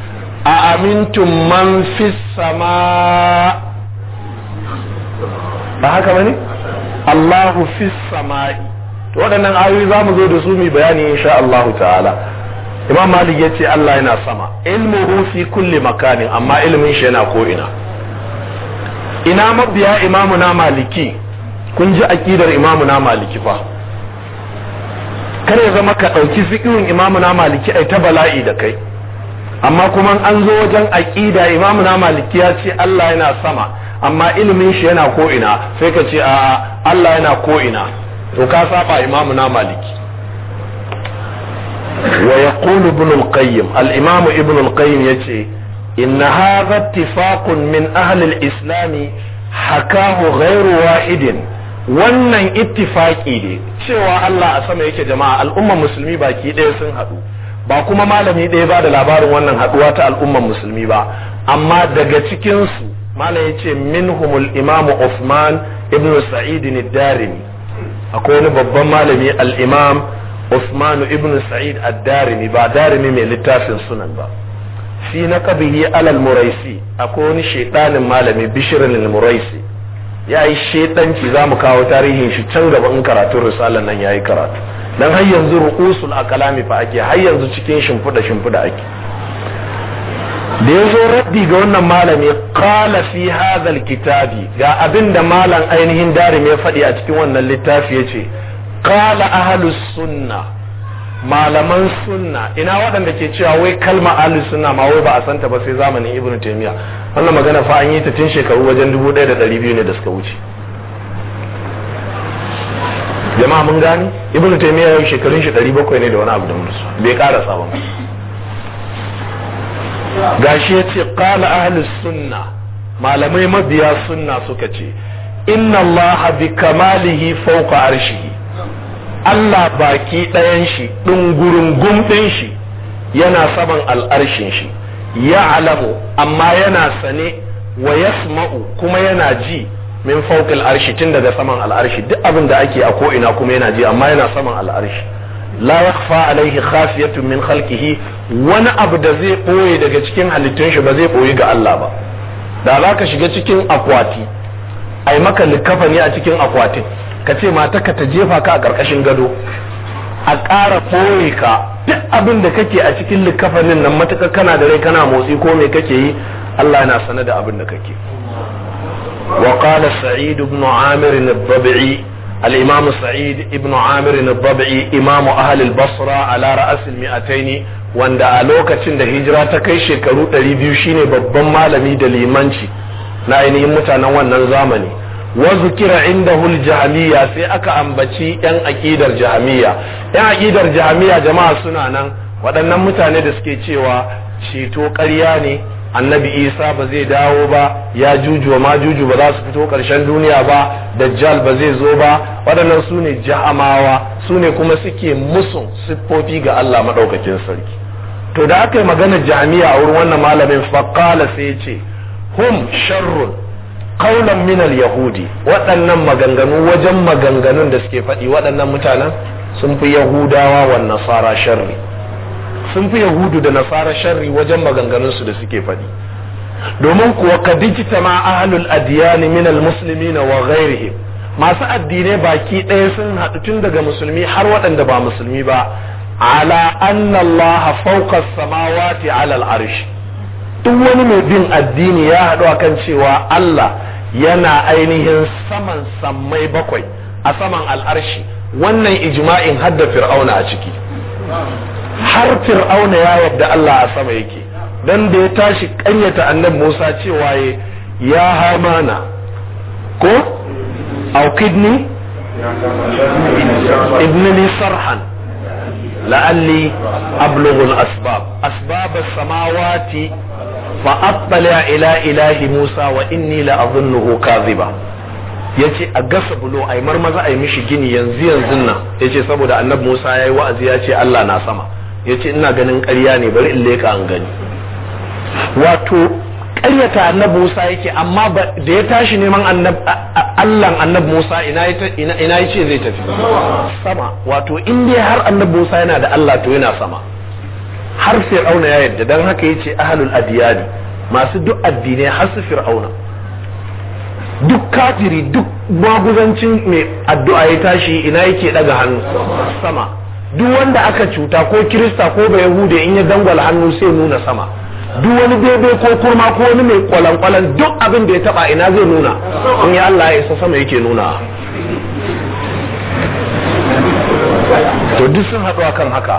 a amintum man fis sama ba haka bane Allahu fis sama'i to waɗannan ayoyi za mu zo da su mu bayani insha Allahu ta'ala Imam Malik ya Allah yana sama ilmuhu fi kulli makanin amma ilmin shi yana ko ina ina mabiya imamu na maliki kun ji akidar imamu na maliki fa kare zama ka ɗauki fikirin imamu na maliki ai ta bala'i da kai amma kuma an zo wajen aƙida imamu na maliki ya ce Allah yana sama amma ilimin shi yana ko ina sai ka ce a Allah yana ko ina to ka saba imamu na maliki wa yaqulu ibn al-qayyim al-imamu ibn al-qayyim yace inna hadha ittifaqun min ahlil islami islam hakahu ghayru wahidin wannan ittifaki ne cewa Allah a sama yake jama'a al'ummar musulmi baki ɗaya sun haɗu ba kuma malami ɗaya ba da labarin wannan haɗuwa ta al'ummar musulmi ba amma daga cikinsu malam ya ce minhumul imamu Uthman ibn Sa'id ad-Darimi akwai wani babban malami al-Imam Uthman ibn Sa'id ad-Darimi ba Darimi mai littafin sunan ba fi na kabihi alal muraisi akwai wani shedanin malami bishirin al-muraisi ya yi shedanci za mu kawo tarihin shi can gaba in karatun risalar nan ya yi karatu dan har yanzu ru'usul akalami fa ake har yanzu cikin shimfuda-shimfuda shimfiɗa ake da ya zo rabbi ga wannan malami kala fi hadhal kitabi ga abin da malam ainihin darim ya faɗi a cikin wannan littafi ya ce kala ahlus sunna malaman sunna ina waɗanda ke cewa wai kalma ahlus sunna ma wai ba a santa ba sai zamanin ibnu taymiya wannan magana fa an yi ta tun shekaru wajen 1200 ne da suka wuce jama'a mun gani ibnu taymiya yi shekarun shi 700 ne da wani abu da musu bai ƙara sabon gashi ya ce ƙala ahlus sunna malamai mabiya sunna suka ce inna Allah bi kamalihi fauka arshi Allah baki ɗayan shi ɗungurin gumɗin shi yana saman al'arshin shi ya alamu amma yana sane wa yasma'u kuma yana ji min fauka arshi tun daga saman al'arshi duk abin da ake a ko'ina kuma yana ji amma yana saman al'arshi Layafa alaihi khafiyatun min halkihi wani abu da zai boye daga cikin halittun shi ba zai koyi ga Allah ba da za ka shiga cikin akwati ai maka likafa ne a cikin akwatin ka ce mata ka ta jefa ka a karkashin gado a ƙara koyi ka duk abin da kake a cikin likafanin nan matuƙa kana da rai kana motsi ko me kake yi Allah yana sanar da abin da kake wa qala sa'id ibn amir al الإمام سعيد ابن عامر الضبعي إمام أهل البصرة على رأس المئتين وأن ألوكة هجرة تكي شكرو تريبيوشيني ببما لمي دليمانشي نعيني متنوى النظامني وذكر عنده الجهمية سيأك أنبتي أن أكيد الجهمية أن أكيد الجهمية جماعة سنانا waɗannan mutane da suke cewa ceto ƙarya ne annabi isa ba zai dawo ba ya juju ma juju ba za su fito karshen duniya ba dajjal ba zai zo ba waɗannan su ne ja'amawa su ne kuma suke musu siffofi ga allah maɗaukakin sarki to da aka yi magana jami'a a wurin wannan malamin faƙala sai ce hum sharrun kaunan minal yahudi waɗannan maganganu wajen maganganun da suke faɗi waɗannan mutanen sun fi yahudawa wa nasara sharri sun fi yahudu da nasara sharri wajen maganganunsu da suke faɗi domin kuwa ka dijita ma ahlul adiyani min na wa ghairihim masu addinai baki ɗaya sun haɗu tun daga musulmi har waɗanda ba musulmi ba ala anna allaha fawqa samawati ala al'arshi duk wani mai bin addini ya haɗu akan cewa Allah yana ainihin saman sammai bakwai a saman al'arshi wannan ijma'in hadda fir'auna a ciki har fir'auna ya yadda Allah a sama yake dan da ya tashi kanyata annabi Musa cewa ya hamana ko aukidni ibnani sarhan la'alli ablughul asbab asbab as-samawati fa attala ila ilahi Musa wa inni la adhunnuhu kadhiba ya ce a gasa bulo a yi marmaza a yi mishi gini yanzu yanzu nan ya ce saboda annab musa ya yi wa'azi ya ce allah na sama ya ce ina ganin ƙarya ne bari in leka an gani wato ƙaryata annab musa yake amma da ya tashi neman allan annab musa ina ya ce zai tafi sama wato in dai har annabi musa yana da allah to yana sama har fir'auna ya yadda don haka ya ce ahalul adiyani masu duk addinai har su fir'auna duk kafiri duk maguzancin mai addu'a ya tashi ina yake daga hannu sama duk wanda aka cuta ko kirista ko bai in ya dangwala hannu sai nuna sama duk wani bebe ko kurma ko wani mai kwalan duk abin da ya taba ina zai nuna in ya Allah ya isa sama yake nuna to duk sun haɗu akan haka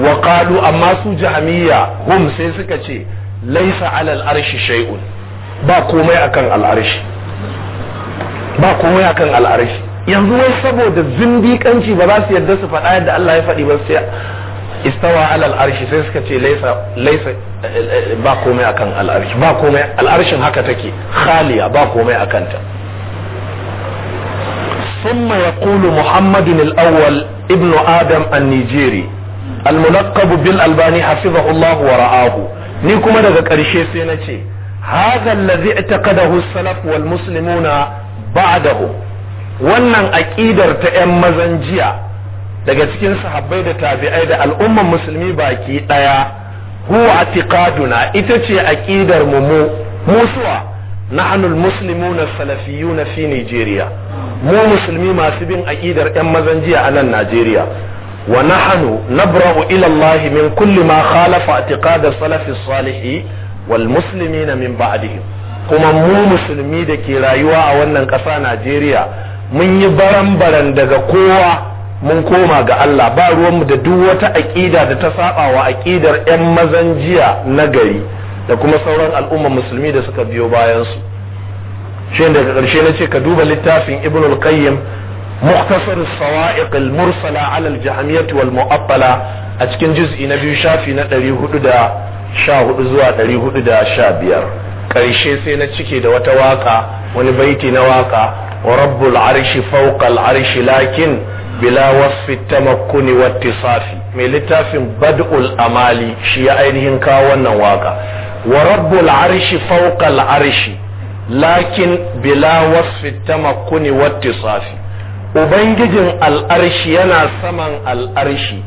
wa qalu amma su jahamiyya hum sai suka ce laisa alal arshi shay'un ba komai akan al'arshi ba komai akan al'arshi yanzu wai saboda zindiƙanci ba za su yarda su faɗa yadda Allah ya faɗi ba sai istawa alal arshi sai suka ce laisa laisa ba komai akan al'arshi ba komai al'arshin haka take khaliya ba komai akan ta ثم يقول محمد الأول ابن آدم النيجيري الملقب بالألباني حفظه الله ورعاه نيكم هذا هذا الذي اعتقده السلف والمسلمون بعدهم wannan aƙidar ta 'yan mazan jiya daga cikin sahabbai da tabi'ai da al'ummar musulmi baki ɗaya huwa atiqaduna ita ce aƙidar mu mu musuwa na'anul muslimuna salafiyuna fi Nigeria mu musulmi masu bin aƙidar 'yan mazan jiya a nan Najeriya wa nahnu nabra'u ila Allah min kulli ma khalafa atiqadar salafi salihi wal muslimina min ba'dihim kuma mu musulmi da ke rayuwa a wannan ƙasa Najeriya mun yi baran-baran daga kowa mun koma ga Allah ba ruwanmu da duk wata aƙida da ta saba wa aƙidar 'yan mazan jiya na gari da kuma sauran al'umma musulmi da suka biyo bayansu shi daga ƙarshe na ce ka duba littafin ibn al-qayyim muktasar sawa'iq al-mursala ala al-jahmiyyah wal mu'attala a cikin juz'i na biyu shafi na 414 zuwa 415 ƙarshe sai na cike da wata waka wani baiti na waka ورب العرش فوق العرش لكن بلا وصف التمكن واتصاف mai littafin bad'ul amali shi ya ainihin kawo wannan waka wa rabbul arshi fawqal arshi lakin bila ubangijin al'arshi yana saman al'arshi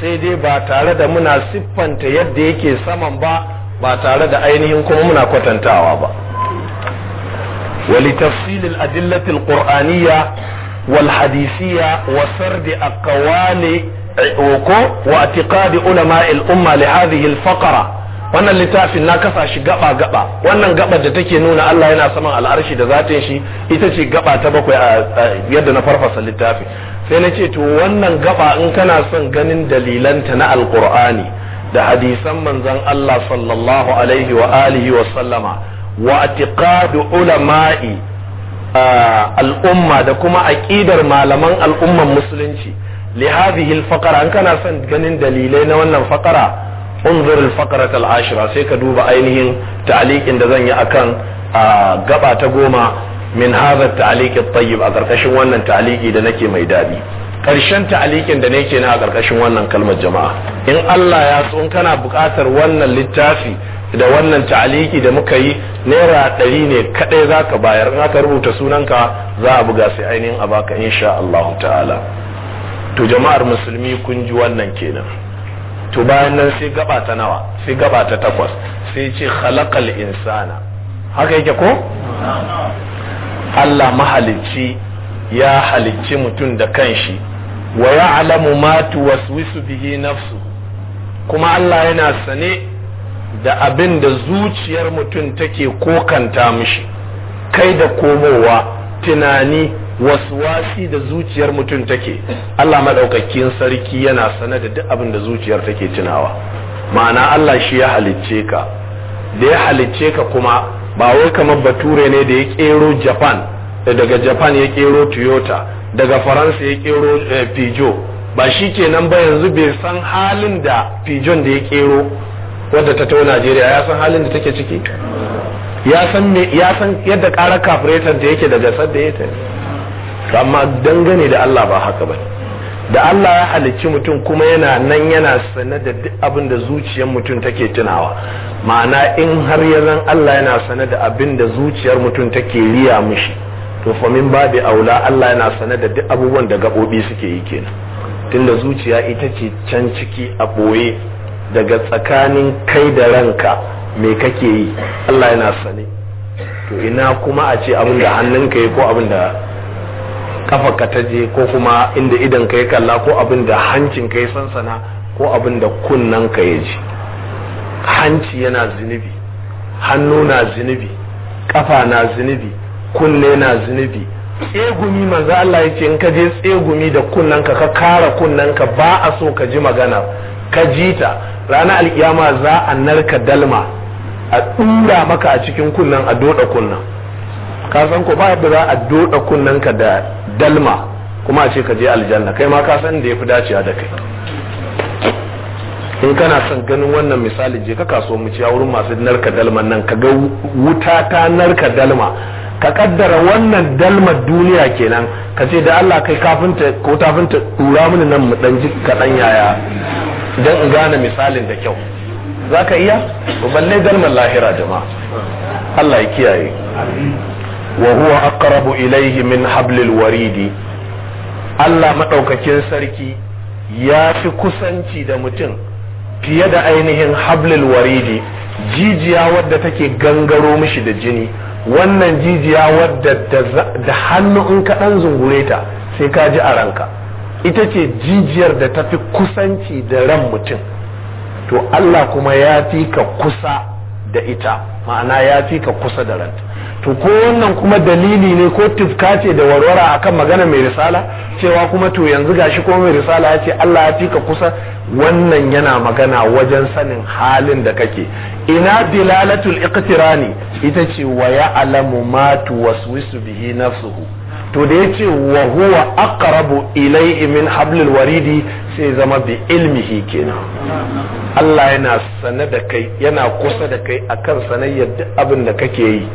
sai dai ba tare da muna siffanta yadda yake saman ba ba tare da ainihin kuma muna kwatantawa ba ولتفصيل الأدلة القرآنية والحديثية وسرد أقوال واعتقاد علماء الأمة لهذه الفقرة wannan littafin na kasa shi gaba gaba wannan gaba da take nuna Allah yana saman al'arshi da zatin shi ita ce gaba ta bakwai a yadda na farfasa littafi sai na ce to wannan gaba in kana son ganin dalilanta na alqur'ani da hadisan manzon Allah sallallahu alaihi wa alihi wa sallama wa atiqadu ulama'i al'umma da kuma aqidar malaman al'umman musulunci li hadhihi an kana son ganin dalilai na wannan fakara unzur al-faqara ashira sai ka duba ainihin ta'liqin da zan yi akan gaba ta goma min hadha at-ta'liq at-tayyib a karkashin wannan ta'liqi da nake mai dadi karshen ta'alikin da nake na a karkashin wannan kalmar jama'a in Allah ya so in kana buƙatar wannan littafi da wannan ta'aliki da muka yi naira ɗari ne kaɗai za ka bayar in aka rubuta sunanka za a buga sai ainihin a baka insha Allah ta'ala to jama'ar musulmi kun ji wannan kenan to bayan nan sai gaba ta nawa sai gaba ta takwas sai ce khalaqal insana haka yake ko Allah mahalicci ya halicci mutum da kanshi wa ya'lamu ma tuwaswisu bihi nafsu
kuma Allah yana
sane da abin da zuciyar mutum take kokanta mishi
kai da komowa
tunani wasi da zuciyar mutum take Allah maɗaukakin sarki yana sane da duk abin da zuciyar take tunawa ma'ana Allah shi ya halicce ka da ya halicce ka kuma ba wai kamar bature ne da ya kero japan daga japan ya kero toyota daga faransa ya kero eh, ba shi kenan ba yanzu bai san halin da pijon da ya kero wadda ta tawo Najeriya ya san halin da take ciki ya san ya san yadda karar kafiretan ta yake daga sadda da ta amma dangane da Allah ba haka ba da Allah ya halicci mutum kuma yana nan yana sane da duk abin da zuciyar mutum take tunawa ma'ana in har ya zan Allah yana sane da abin da zuciyar mutum take riya mishi to fa min babi aula Allah yana sane da duk abubuwan da gabobi suke yi kenan tunda zuciya ita ce can ciki a boye daga tsakanin kai da ranka me kake yi Allah yana sane to ina kuma a ce abin da hannunka ka ko abin da ka ta je ko kuma inda idan ka yi kalla ko abin da hancin ka yi sansana ko abin da kunnen ka ya ji hanci yana zunubi hannu na zunubi kafa na zunubi kunne na zunubi tsegumi maza Allah ya ce in ka je tsegumi da kunnanka ka kara ka ba a so ka ji magana ka ji ta ranar alkiyama za a narka dalma a ɗura maka a cikin kunnan a doda kunnan ka san ko ba yadda za a doda kunnan ka da dalma kuma a ce ka je aljanna kai ma ka san da yafi dacewa da kai in kana son ganin wannan misali je ka kaso mu ciya wurin masu narka dalman nan ka ga wuta ta narka dalma ka kaddara wannan dalmar duniya kenan ka ce da Allah kai kafinta ko tafinta tura mini nan mu dan ji kaɗan yaya don in gane misalin da kyau za ka iya balle galman lahira jama'a Allah ya kiyaye wa huwa aqrabu ilayhi min hablil waridi Allah madaukakin sarki ya fi kusanci da mutum fiye da ainihin hablil waridi jijiya wadda take gangaro mishi da jini wannan jijiya wadda da hannu in ka dan zungure sai ka ji a ranka ita ce jijiyar da ta fi kusanci da ran mutum to Allah kuma ya fi ka kusa da ita ma'ana ya fi ka kusa da ranta to ko wannan kuma dalili ne ko tufka ce da warwara akan magana mai risala cewa kuma to yanzu gashi kuma mai risala ya ce Allah ya fi ka kusa wannan yana magana wajen sanin halin da kake ina dilalatul iqtirani ita ce wa ya'lamu ma tuwaswisu bihi nafsuhu to da yace wa huwa aqrabu ilayhi min hablil waridi sai zama bi ilmihi kenan Allah yana sane da kai yana kusa da kai akan sanayyar duk abin da kake yi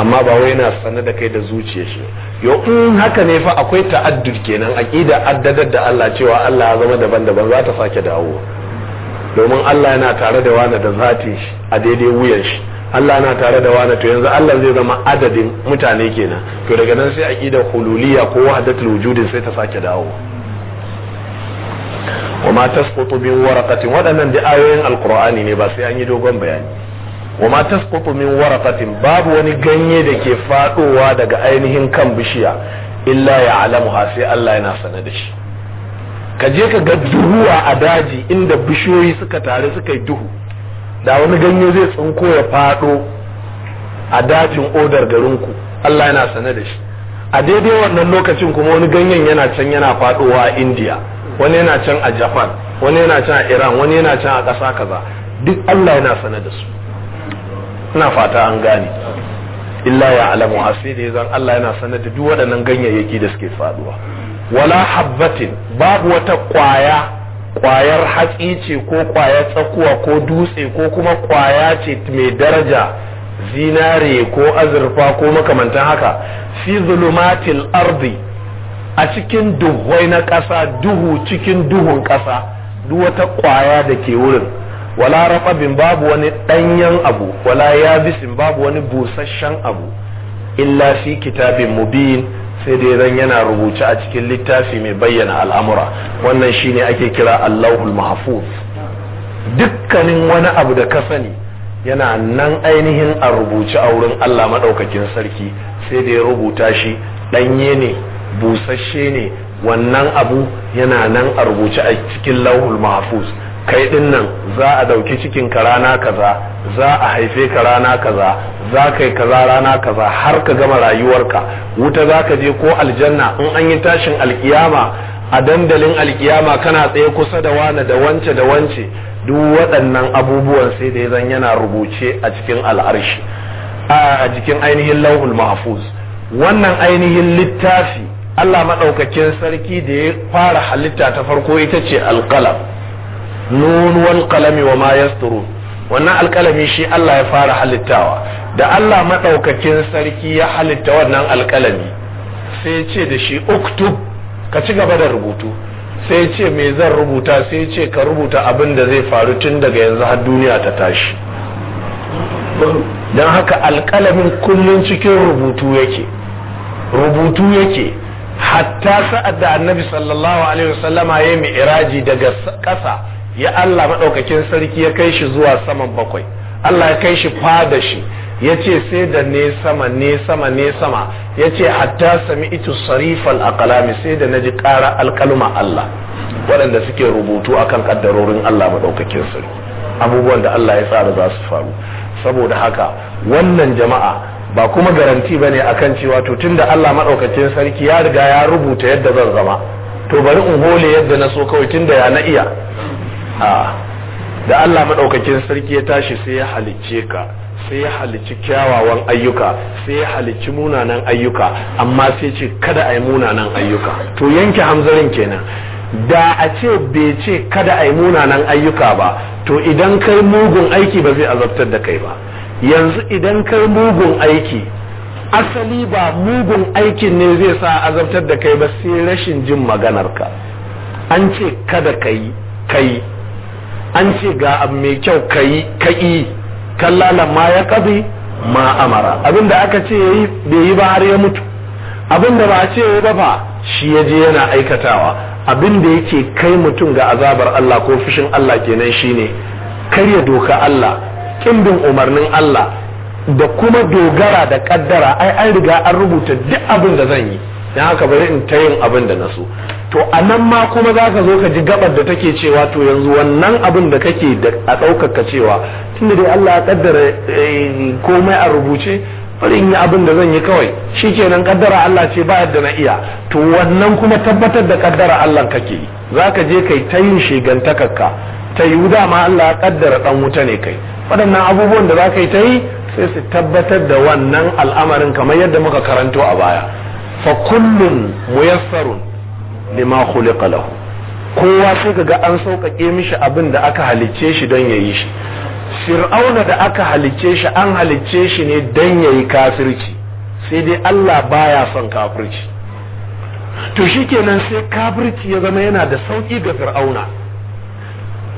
amma ba wai yana sane da kai da zuciya shi yo in haka ne fa akwai ta'addud kenan aqida addadar da Allah cewa Allah ya zama daban-daban za ta sake dawo domin Allah yana tare da wani da zatin a daidai wuyan shi Allah na tare da wani to yanzu Allah zai zama adadin mutane kenan to daga nan sai aqidar hululiyya ko wahdatul wujudin sai ta sake dawo Kuma tasqutu min waraqatin waɗannan da ayoyin alqur'ani ne ba sai an yi dogon bayani kuma tasqutu min waraqatin babu wani ganye da ke fadowa daga ainihin kan bishiya illa ya'lamuha sai Allah yana sanar da shi ka je ka ga duhuwa a daji inda bishiyoyi suka tare suka yi duhu da wani ganye zai tsinko ya fado a dajin odar garinku Allah yana sane da shi a daidai wannan lokacin kuma wani ganyen yana can yana fadowa a India wani yana can a Japan wani yana can a Iran wani yana can a ƙasa kaza duk Allah yana sane da su ina fata an gane illa ya alamu asiri da zan Allah yana sane da duk waɗannan ganyayyaki da suke faduwa wala habbatin babu wata kwaya kwayar hatsi ce ko kwayar tsakuwa ko dutse ko kuma kwaya ce mai daraja zinare ko azurfa ko makamantan haka fi zulumatil ardi a cikin duhwai na ƙasa duhu cikin duhun ƙasa duk wata kwaya da ke wurin wala rafabin babu wani ɗanyen abu wala yabisin babu wani busasshen abu illa fi kitabin mubin sai dai zan yana rubuce a cikin littafi mai bayyana al'amura wannan shine ake kira allahul mahfuz dukkanin wani abu da ka sani yana nan ainihin a rubuce a wurin allah maɗaukakin sarki sai da ya rubuta shi ɗanye ne busasshe ne wannan abu yana nan a rubuce a cikin lauhul mahfuz kai din nan za a ɗauki cikin ka rana kaza za a haife ka rana kaza za ka yi kaza rana kaza har ka gama rayuwarka wuta za ka je ko aljanna in an yi tashin alkiyama a dandalin alkiyama kana tsaye kusa da wane da wance da wance duk waɗannan abubuwan sai da zan yana rubuce a cikin al'arshi a jikin ainihin lauhul mahfuz wannan ainihin littafi Allah maɗaukakin sarki da ya fara halitta ta farko ita ce alƙalam nun wal qalami wa ma yasturun wannan alkalami shi Allah ya fara halittawa da Allah madaukakin sarki ya halitta wannan alkalami sai ya ce da shi uktub ka ci gaba da rubutu sai ya ce me zan rubuta sai ya ce ka rubuta abin da zai faru tun daga yanzu har duniya ta tashi don haka alkalamin kullum cikin rubutu yake rubutu yake hatta sa'ad da annabi sallallahu alaihi wasallama ya yi daga ƙasa ya Allah maɗaukakin sarki ya kai shi zuwa saman bakwai Allah ya kai shi fada shi ya ce sai da ne sama ne sama ne sama ya ce hatta sami itu sarifal akalami sai da na ji ƙara alkalma Allah waɗanda suke rubutu akan ƙaddarorin Allah maɗaukakin sarki abubuwan da Allah ya tsara za su faru saboda haka wannan jama'a ba kuma garanti ba ne akan cewa to tunda Allah maɗaukacin sarki ya riga ya rubuta yadda zan zama to bari in hole yadda na so kawai tunda ya na iya a da Allah madaukakin sarki ya tashi sai ya halicce ka sai ya halicci kyawawan ayyuka sai ya halicci munanan ayyuka amma sai ce kada a yi munanan ayyuka to yanke hamzarin kenan da a ce bai ce kada a yi munanan ayyuka ba to idan kai mugun aiki ba zai azabtar da kai ba yanzu idan kai mugun aiki asali ba mugun aikin ne zai sa azabtar da kai ba sai rashin jin maganarka an ce kada ka kai an ce ga abu mai kyau kayi yi kallala ma ya kabi ma amara abinda aka ce yayi bai yi ba har ya mutu abinda ba a ce yi ba fa shi ya je yana aikatawa abinda yake kai mutum ga azabar Allah ko fushin Allah kenan shine karya doka Allah ƙimbin umarnin Allah da kuma dogara da kaddara ai an riga an rubuta duk abin da zan yi don haka bari in ta yin abin da na so to a nan ma kuma za ka zo ka ji gabar da take cewa to yanzu wannan abin da kake da a ɗaukaka cewa tunda dai Allah ya kaddara eh, komai a rubuce farin yi abin da zan yi kawai shi kenan kaddara Allah ce ba yadda na iya to wannan kuma tabbatar da kaddara Allah kake yi za ka je kai ta yin shigantakarka ta yi ma Allah ya kaddara dan wuta ne kai waɗannan abubuwan da za ka yi ta yi sai su tabbatar da wannan al'amarin kamar yadda muka karanto a baya fa kullun muyassarun lima khuliqa lahu kowa sai kaga an sauƙaƙe mishi abin da aka halicce shi don yayi shi fir'auna da aka halicce shi an halicce shi ne don yayi kafirci sai dai Allah baya son kafirci to shikenan sai kafirci ya zama yana da sauƙi ga fir'auna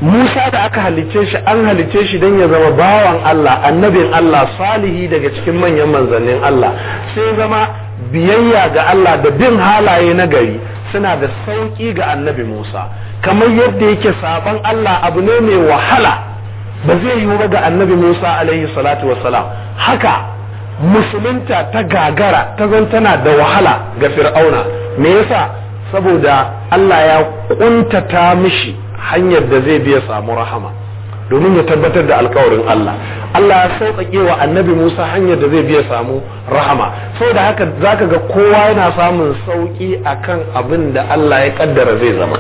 Musa da aka halicce shi an halicce shi don ya zama bawan Allah annabin Allah salihi daga cikin manyan manzannin Allah sai zama biyayya ga Allah da bin halaye na gari suna da sauƙi ga annabi Musa kamar yadda yake saban Allah abu ne mai wahala ba zai yiwu ba ga annabi Musa alaihi salatu wassalam haka musulunta ta gagara ta zan tana da wahala ga fir'auna me yasa saboda Allah ya kuntata mishi hanyar da zai biya samu rahama domin ya tabbatar da alkawarin Allah Allah ya sauƙaƙe wa annabi Musa hanyar da zai biya samu rahama da haka zaka ga kowa yana samun sauƙi akan abin da Allah ya kaddara zai zama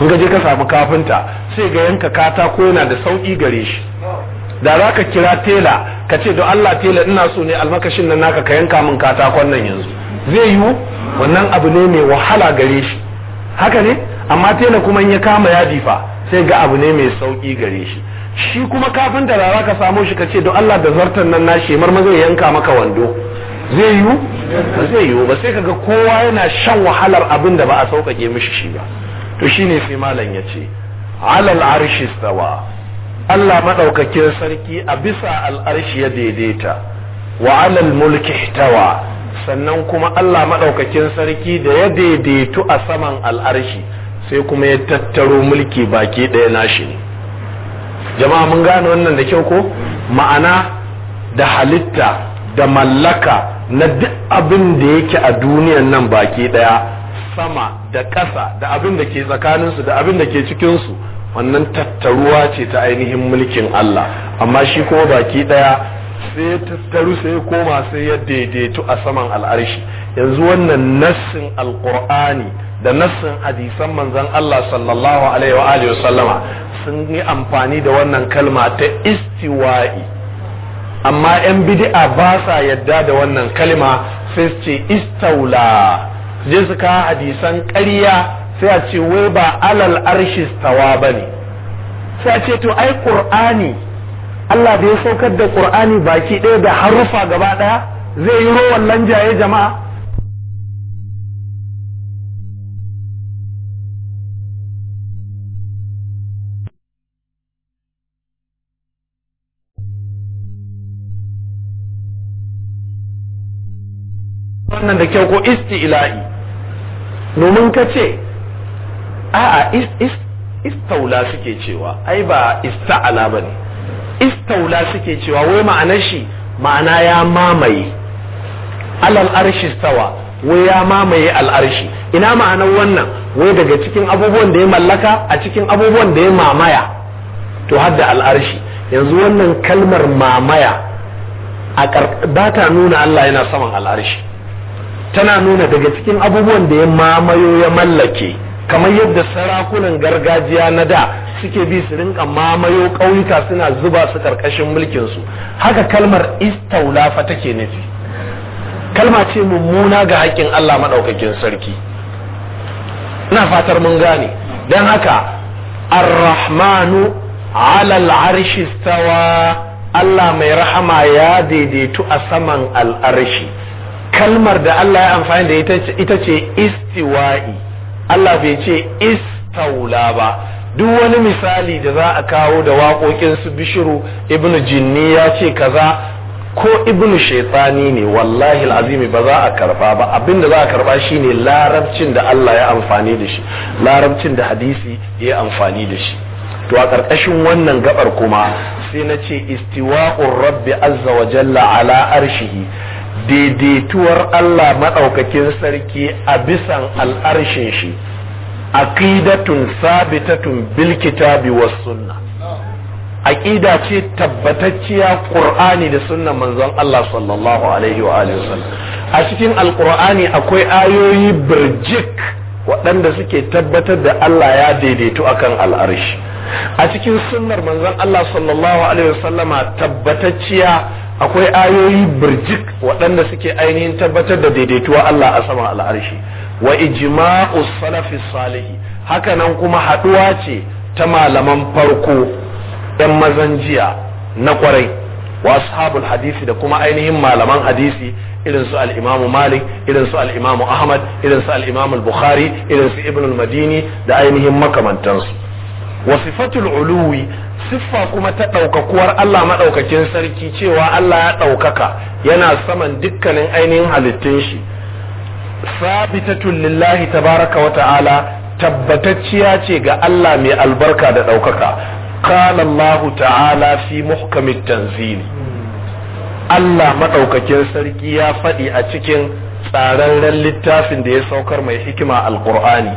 in ka je ka samu kafinta sai ga yanka katako yana da sauƙi gare shi da za ka kira tela ka ce don Allah tela ina so ne almakashin nan naka ka yanka min katakon nan yanzu zai yiwu wannan abu ne mai wahala gare shi haka ne amma tela kuma in ya kama yadifa difa. sai ga abu ne mai sauki gare shi shi kuma kafin da rara ka samo shi ka ce don Allah da zartan nan na shemar ma zai yanka maka wando zai yiwu ba zai yiwu ba sai kaga kowa yana shan wahalar abin da ba a sauƙaƙe mishi shi ba to shi ne sai malam ya ce
alal arshi
stawa Allah maɗaukakin sarki a bisa al'arshi ya daidaita wa alal mulki tawa sannan kuma Allah maɗaukakin sarki da ya daidaitu a saman al'arshi sai kuma ya tattaro mulki baki ɗaya nashi ne jama'a mun gane wannan da kyau ko ma'ana da halitta da mallaka na duk abin da yake a duniyan nan baki ɗaya sama da ƙasa da abin da ke tsakaninsu da abin da ke cikinsu wannan tattaruwa ce ta ainihin mulkin Allah amma shi kuma baki ɗaya sai ya tattaru sai ya koma sai ya daidaitu a saman al'arshi yanzu wannan nassin alƙur'ani da nassin hadisan manzon Allah sallallahu alaihi wa alihi sallama sun yi amfani da wannan kalma ta istiwa'i amma yan bid'a ba sa yadda da wannan kalma sai su ce istaula je su kawo hadisan ƙarya sai a ce wai ba alal arshi stawa bane sai a ce to ai qur'ani Allah da ya saukar da qur'ani baki ɗaya da harufa gaba ɗaya zai yi rowan lanjaye jama'a wannan da kyau ko isti'la'i domin ka ce a'a istaula suke cewa ai ba ista'ala ba ne istaula suke cewa wai ma'anar shi ma'ana ya mamaye alal arshi sawa wai ya mamaye al'arshi ina ma'anar wannan wai daga cikin abubuwan da ya mallaka a cikin abubuwan da ya mamaya to hadda al'arshi yanzu wannan kalmar mamaya ba ta nuna Allah yana saman al'arshi tana nuna daga cikin abubuwan da ya mamayo ya mallake kamar yadda sarakunan gargajiya na da suke bi su rinka mamayo ƙauyuka suna zuba su ƙarƙashin mulkinsu haka kalmar istaulafa take nufi kalma ce mummuna ga haƙƙin Allah maɗaukakin sarki ina fatar mun gane don haka arrahmanu alal arshi stawa Allah mai rahama ya daidaitu a saman al'arshi kalmar da Allah ya amfani da ita ce istiwa'i Allah bai ce istaula ba duk wani misali da za a kawo da waƙoƙin su bishiru ibnu jinni ya ce kaza ko ibnu shaitani ne wallahi azimi ba za a karba ba Abin da za a karba shine larabcin da Allah ya amfani da shi larabcin da hadisi ya amfani da shi to a ƙarƙashin wannan gabar kuma sai na ce istiwa'ur rabbi azza wa jalla ala arshihi daidaituwar Allah maɗaukakin sarki a bisan al'arshin shi aqidatun sabitatun bil kitabi was sunna aqida ce tabbatacciya ƙur'ani da sunnan manzon Allah sallallahu alaihi wa sallam. a cikin alƙur'ani akwai ayoyi birjik waɗanda suke tabbatar da Allah ya daidaitu akan al'arshi a cikin sunnar manzon Allah sallallahu alaihi wasallama tabbatacciya akwai ayoyi birjik waɗanda suke ainihin tabbatar da daidaituwa Allah a saman al'arshi wa ijma'u salafi salihi hakanan kuma haɗuwa ce ta malaman farko ɗan mazan jiya na ƙwarai wa ashabul hadisi da kuma ainihin malaman hadisi irin su al-imamu malik irin su al-imamu ahmad irin su al-imamu bukhari irin su ibn al-madini da ainihin makamantansu wa sifatul uluwi siffa kuma ta ɗaukakuwar Allah maɗaukakin sarki cewa Allah ya ɗaukaka yana saman dukkanin ainihin halittun shi sabitatun lillahi tabaraka wa ta'ala tabbatacciya ce ga Allah mai albarka da ɗaukaka qala Allah ta'ala fi muhkamit tanzili Allah maɗaukakin sarki ya faɗi a cikin tsararren littafin da ya saukar mai hikima alkur'ani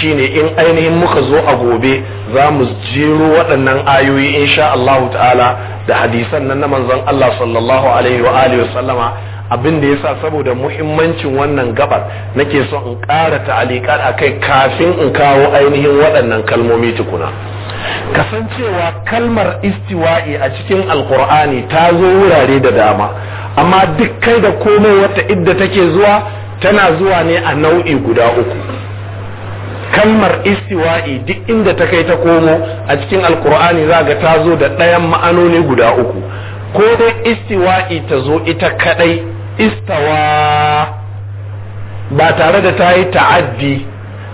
shine in ainihin muka zo a gobe za mu jero waɗannan ayoyi insha Allahu ta'ala da hadisan nan na manzon Allah sallallahu alaihi wa alihi wa sallama abin da yasa saboda muhimmancin wannan gabar nake so in ƙara a kai kafin in kawo ainihin waɗannan kalmomi tukuna kasancewa kalmar istiwa'i a cikin alkur'ani ta zo wurare da dama amma duk kai da komai wata idda take zuwa tana zuwa ne a nau'i guda uku kalmar istiwa'i duk inda ta kai ta komo a cikin alkur'ani za ga ta zo da ɗayan ma'anoni guda uku ko dai istiwa'i ta zo ita kaɗai. istawa ba tare da ta yi ta'addi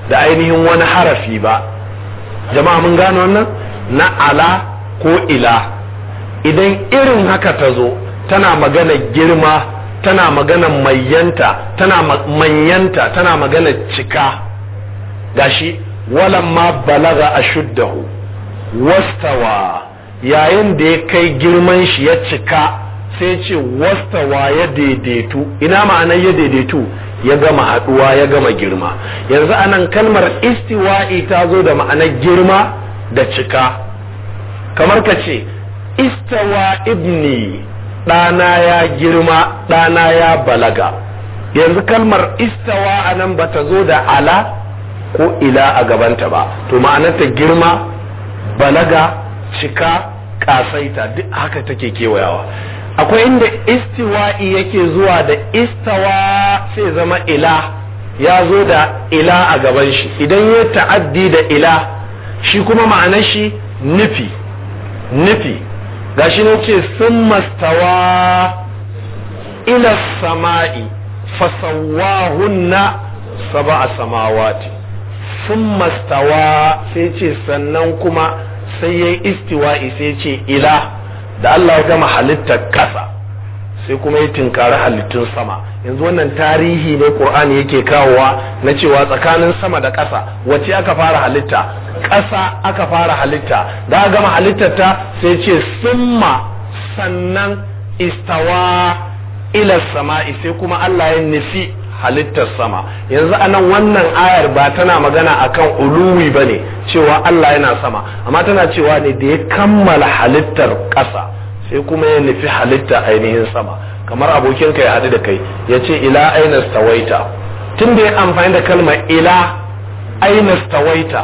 da ainihin wani harafi ba jama'a mun gano wannan na ala ko ila idan irin haka ta zo tana magana girma tana magana mayanta tana manyanta tana magana cika gashi walamma balaga ashuddahu wastawa yayin da ya kai girman shi ya cika sai ce wastawa ya daidaitu ina ma'anar ya daidaitu ya gama haɗuwa ya gama girma yanzu anan kalmar istiwa'i ta zo da ma'anar girma da cika kamar ka ce istawa ibni ɗana ya girma ɗana ya balaga yanzu kalmar istawa anan ba ta zo da ala ko ila a gabanta ba to ta girma balaga cika kasaita duk haka take kewayawa akwai inda istiwa'i yake zuwa da istawa sai zama ila ya zo da ila a gaban shi idan ya ta'addi da ila shi kuma ma'anar shi nufi nufi gashi na ce sun mastawa ila sama'i fasawahunna saba a samawati sun mastawa sai ce sannan kuma sai ya istiwa'i sai ce ila da Allah ya gama halittar kasa sai kuma ya tinkari halittun sama yanzu wannan tarihi ne qur'ani yake kawowa na cewa tsakanin sama da ƙasa wace aka fara halitta ƙasa aka fara halitta da aka gama halittar ta sai ce summa sannan istawa ila sama'i sai kuma Allah ya nufi halittar sama yanzu anan wannan ayar ba tana magana akan uluwi ba ne cewa Allah yana sama amma tana cewa ne da ya kammala halittar ƙasa sai kuma ya nufi halitta ainihin sama kamar abokinka ya haɗu da kai ya ce ila aina stawaita tun da ya amfani da kalma ila aina stawaita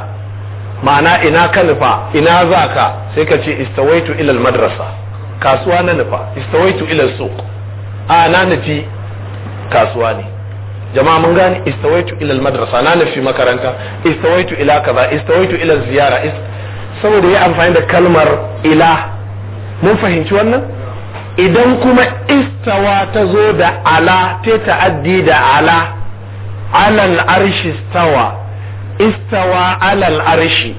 ma'ana ina ka nufa ina za ka sai ka ce istawaitu ilal madrasa kasuwa na nufa istawaitu ilal suq a na nufi kasuwa ne jama'a mun gane istawaitu ila almadrasa na nufi makaranta istawaitu ila kaza istawaitu ila ziyara saboda ya amfani da kalmar ila mun fahimci wannan idan kuma istawa ta zo da ala ta ta'addi da ala alal arshi stawa istawa alal arshi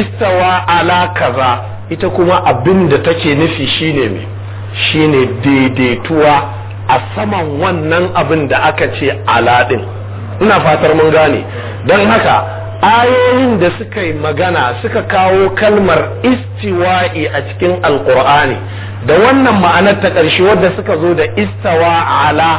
istawa ala kaza ita kuma abin da take nufi shine me shine daidaituwa a saman wannan abin da aka ce aladin ina fatar mun gane don haka ayoyin da suka yi magana suka kawo kalmar istiwa'i a cikin alkur'ani da wannan ma'anar ta ƙarshe wadda suka zo da istawa ala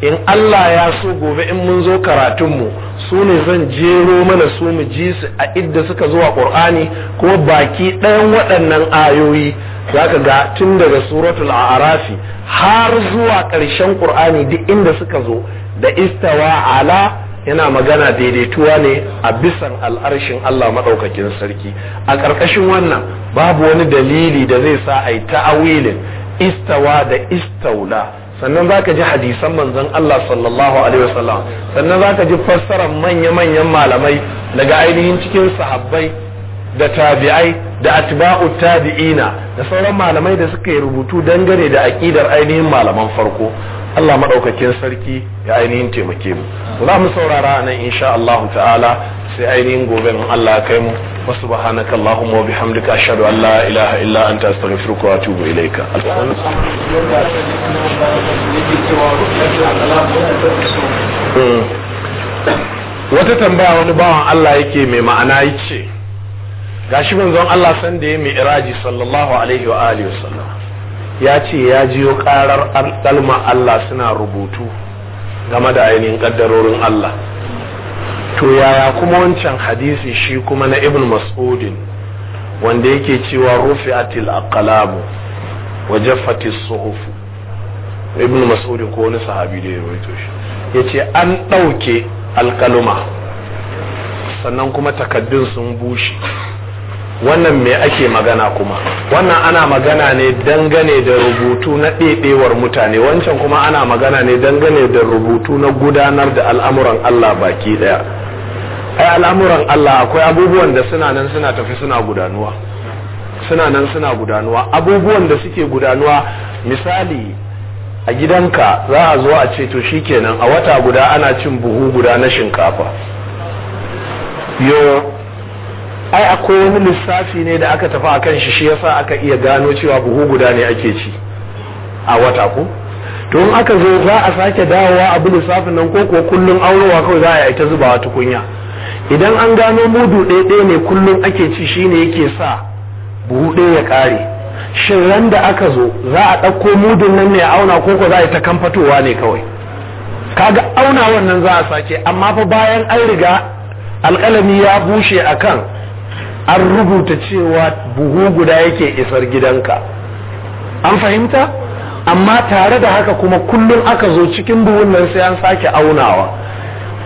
in Allah ya so gobe in mun zo karatunmu su ne zan jero mana su mu ji su a idda suka zo a ƙur'ani kuma baki ɗayan waɗannan ayoyi za ka ga tun daga suratul a'rafi har zuwa ƙarshen ƙur'ani duk inda suka zo da istawa ala yana magana daidaituwa ne a bisan al'arshin Allah maɗaukakin sarki a ƙarƙashin wannan babu wani dalili da zai sa a yi ta'awilin istawa da istaula sannan za ka ji hadisan manzon Allah sallallahu alaihi wasallam sannan za ka ji fassarar manya-manyan malamai daga ainihin cikin sahabbai da tabi'ai da atba'u tabi'ina da sauran malamai da suka yi rubutu dangane da aƙidar ainihin malaman farko Allah maɗaukakin sarki ya ainihin taimake mu za mu saurara nan insha Allah ta'ala sai ainihin gobe in Allah ya kai mu wa subhanaka allahumma wa bihamdika ashhadu an la ilaha illa anta astaghfiruka wa atubu ilayka hmm. wata tambaya wani bawan Allah yake mai ma'ana yace gashi manzon Allah san da ya mai iraji sallallahu alaihi wa alihi wasallam ya ce ya jiyo karar alƙalma Allah suna rubutu game da ainihin ƙaddarorin Allah to yaya kuma wancan hadisi shi kuma na ibn mas'udin wanda yake cewa rufi'atil aqlamu wa jaffatis suhuf ibn mas'udin ko wani sahabi da ya rawaito shi yace an ɗauke alƙaluma sannan kuma takaddun sun bushe wannan me ake magana kuma wannan ana magana ne dangane da rubutu na ɗeɗewar mutane wancan kuma ana magana ne dangane da rubutu na gudanar da al'amuran Allah baki ɗaya
ai al'amuran Allah akwai abubuwan da
suna nan suna tafi suna gudanuwa suna nan suna gudanuwa abubuwan da suke gudanuwa misali a gidanka za a zo a ce to shikenan a wata guda ana cin buhu guda na shinkafa yo ai akwai wani lissafi ne da aka tafi akan shi shi yasa aka iya gano cewa buhu guda ne ake ci a wata ko to in aka zo za a sake dawowa a abu lissafin nan ko kuwa kullum aurowa kawai za a yi ta zubawa tukunya idan an gano mudu ɗaya ɗaya ne kullum ake ci shi ne yake sa buhu ɗaya ya ƙare shin ran da aka zo za a ɗauko mudun nan ne a auna ko ko za a yi ta kamfatowa ne kawai kaga auna wannan za a sake amma fa bayan an riga alƙalami ya bushe akan an rubuta cewa buhu guda yake isar gidanka an fahimta amma tare da haka kuma kullum aka zo cikin buhun nan sai an sake aunawa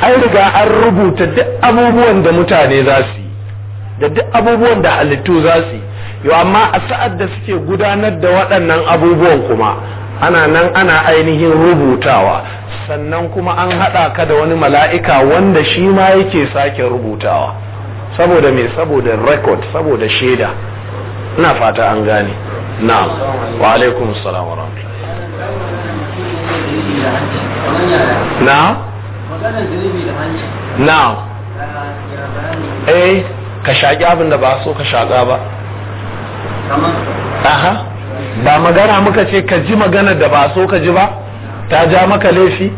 an riga an rubuta duk abubuwan da mutane za su yi da duk abubuwan da halittu za su yi yau amma a sa'ad da suke gudanar da waɗannan abubuwan kuma ana nan ana ainihin rubutawa sannan kuma an haɗa ka da wani mala'ika wanda shi ma yake sake rubutawa saboda me saboda record saboda shaida ina fata an gane na wa alaikum salam wa Na, na eh ka shaƙi abin da ba so ka shaƙa ba aha ba magana muka ce ka ji magana da ba so ka ji ba ta ja maka laifi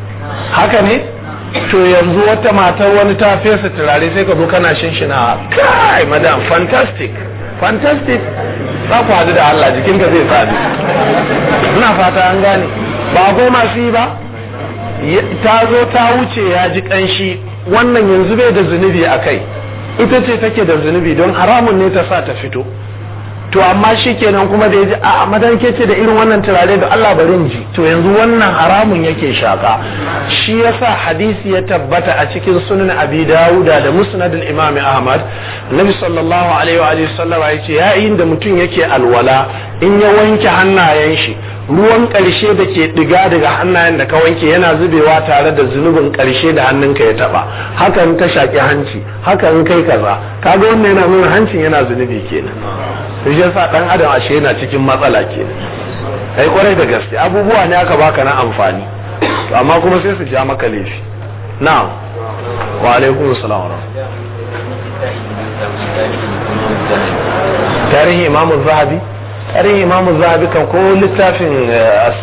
haka ne to yanzu wata matar wani ta fesa turare sai ka zo kana shinshina kai madam fantastic fantastic za ku hadu da Allah jikinka zai sadu ina fata an gane ba goma su yi ba ta zo ta wuce ya ji kanshi wannan yanzu bai da zunubi a kai ita ce take da zunubi don haramun ne ta sa ta fito to amma shi kenan kuma da ya ji a madan ke ce da irin wannan turare da Allah barin ji to yanzu wannan haramun yake shaka shi yasa hadisi ya tabbata a cikin sunan abi dawuda da musnad imami ahmad nabi sallallahu alaihi wa alihi sallama yace yayin da mutum yake alwala in ya wanke hannayen shi ruwan ƙarshe da ke ɗiga daga hannayen da ka wanke yana zubewa tare da zunubin ƙarshe da hannunka ya taɓa haka in ka shaƙi hanci haka in kai kaza kaga wannan yana nuna hancin yana zunubi kenan to shi sa ɗan adam ashe yana cikin matsala kenan kai kwarai da gaske abubuwa ne aka baka na amfani amma kuma sai su ja maka laifi na'am wa alaikum salam tarihi imamu zahabi irin imamu zabikan ko littafin eh, as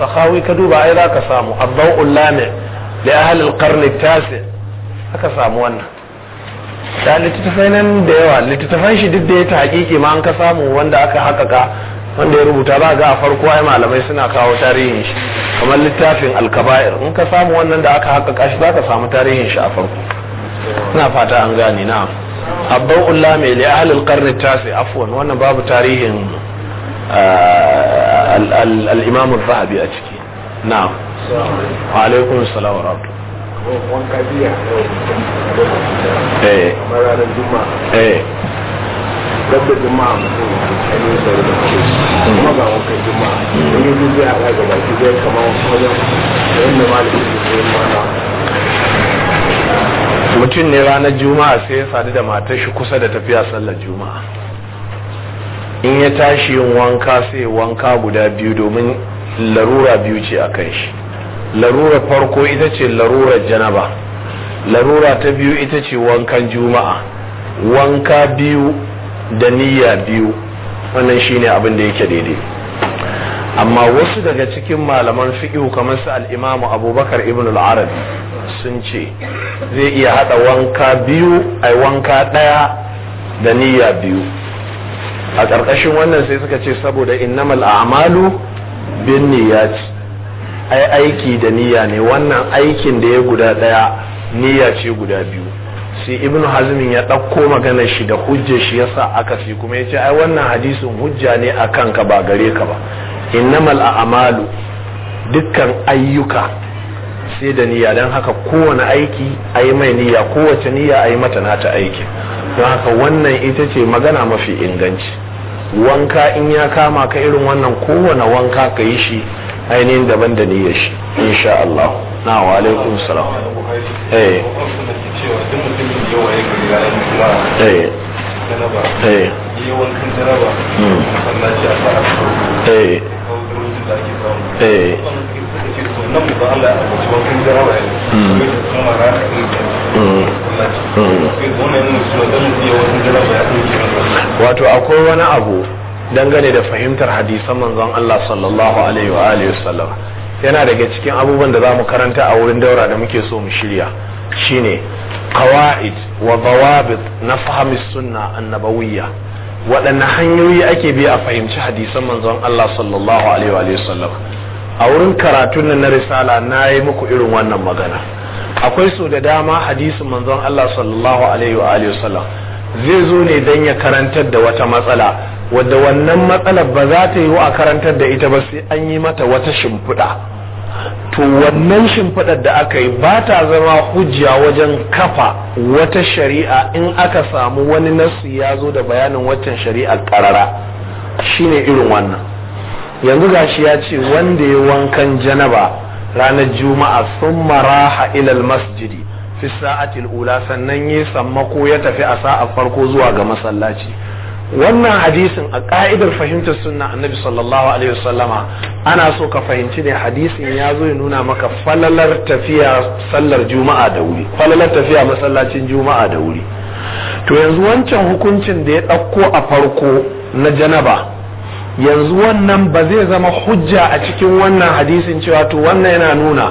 ka duba ai ka samu ad ulame da ya ahli karni tasi aka samu wannan da littattafai nan da yawa littattafan shi duk da ya hakiki ma an ka samu wanda aka haƙaƙa wanda ya rubuta ba ga a farko ai malamai suna kawo tarihin shi kamar littafin alkaba'ir in ka samu wannan da aka haƙaƙa shi za ka samu tarihin shi a farko ina fata an gane na abban ulame da ya ahlul karni tasi afwan wannan babu tarihin al-imam a ciki na. wa alaikum wa a juma'a mutum ne ranar juma'a sai ya sadu da matar shi kusa da tafiya sallar juma'a in ya tashi yin wanka sai wanka guda biyu domin larura biyu ce a kan shi larura farko ita ce larura janaba larura ta biyu ita ce wankan juma'a wanka biyu da niyya biyu wannan shine abin da yake daidai amma wasu daga cikin malaman fiƙihu kamar su al'imamu abubakar ibn al sun ce zai iya haɗa wanka biyu ai wanka ɗaya da niyya biyu a ƙarƙashin wannan sai suka ce saboda innamal a'malu bin niyyat ai aiki da niyya ne wannan aikin da ya guda ɗaya niyya ce guda biyu sai ibnu hazmin ya ɗauko maganar shi da hujjar shi yasa aka fi kuma ya ce ai wannan hadisin hujja ne a kanka ba gare ka ba innamal a'malu dukkan ayyuka sai da niyya don haka kowane aiki a yi mai niyya kowace niyya a yi mata nata aiki don haka wannan ita ce magana mafi inganci wanka in ya kama ka irin wannan kowane wanka ka yi shi ainihin daban da niyyar shi insha Allah na wa alaikum salam eh eh eh hmm. eh, eh. wato akwai wani abu dangane da fahimtar hadisan manzon Allah sallallahu alaihi wa alihi sallam yana daga cikin abubuwan da zamu karanta a wurin daura da muke so mu shirya shine qawaid wa dawabit na fahimi sunna annabawiyya waɗanne hanyoyi ake bi a fahimci hadisan manzon Allah sallallahu alaihi wa alihi wasallam a wurin karatun na risala na yi muku irin wannan magana akwai so da dama hadisin manzon Allah sallallahu alaihi wa alihi wasallam zai zo ne dan ya karantar da wata matsala wadda wannan matsalar ba za ta yi a karantar da ita ba sai an yi mata wata shimfiɗa to wannan shimfiɗar da aka yi ba ta zama hujja wajen kafa wata shari'a in aka samu wani nasu ya zo da bayanin waccan shari'ar karara shine irin wannan yanzu gashi ya ce wanda ya wankan janaba ranar juma'a sun maraha ilal masjidi fi sa'atil ula sannan yi sammako ya tafi a sa'a farko zuwa ga masallaci wannan hadisin a ka'idar fahimtar sunna annabi sallallahu alaihi wasallama ana so ka fahimci ne hadisin ya zo ya nuna maka falalar tafiya sallar juma'a da wuri falalar tafiya masallacin juma'a da wuri to yanzu wancan hukuncin da ya ɗauko a farko na janaba yanzu wannan ba zai zama hujja a cikin wannan hadisin cewa to wannan yana nuna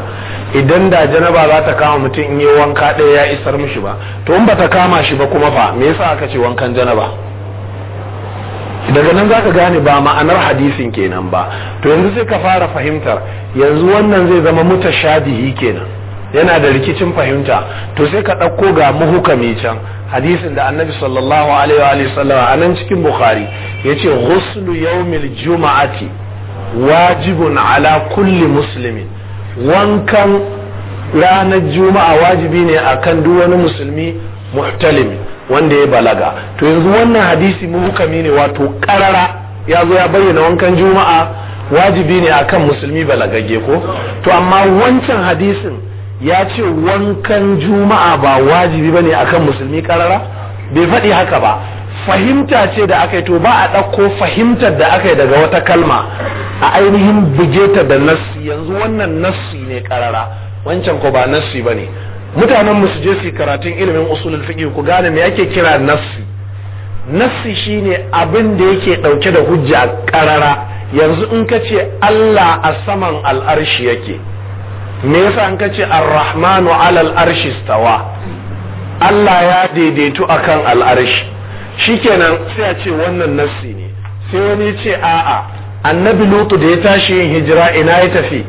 idan da janaba za ta kama mutum in yi wanka ɗaya ya isar mishi ba to in ba ta kama shi ba kuma fa me yasa aka ce wankan janaba daga nan za ka gane ba ma'anar hadisin kenan ba to yanzu sai ka fara fahimtar yanzu wannan zai zama mutashabihi kenan yana da rikicin fahimta to sai ka ɗauko ga muhukami can hadisin da annabi sallallahu alaihi wa sallam a nan cikin bukhari ya ce ghuslu yawmil juma'ati wajibun ala kulli muslimin wankan ranar juma'a wajibi ne a duk wani musulmi muhtalimi wanda ya balaga to yanzu wannan hadisi muhukami ne wato karara ya zo ya bayyana wankan juma'a wajibi ne akan musulmi balagagge ko to amma wancan hadisin ya ce wankan juma'a ba wajibi bane akan musulmi karara bai faɗi haka ba fahimta ce da aka yi to ba a ɗauko fahimtar da aka yi daga wata kalma a ainihin bujeta da nassi yanzu wannan nassi ne karara wancan ko ba nassi ba ne mutanen mu su je su karatun ilimin usulul fiqh ku gane me ake kira nassi nassi shine abin da yake ɗauke da hujja karara yanzu in ka ce Allah a saman al'arshi yake me yasa an kace ar-rahmanu alal arshi stawa Allah ya daidaitu akan al'arshi shikenan sai a ce wannan nassi ne sai wani ya ce a'a annabi lutu da ya tashi yin hijira ina ya tafi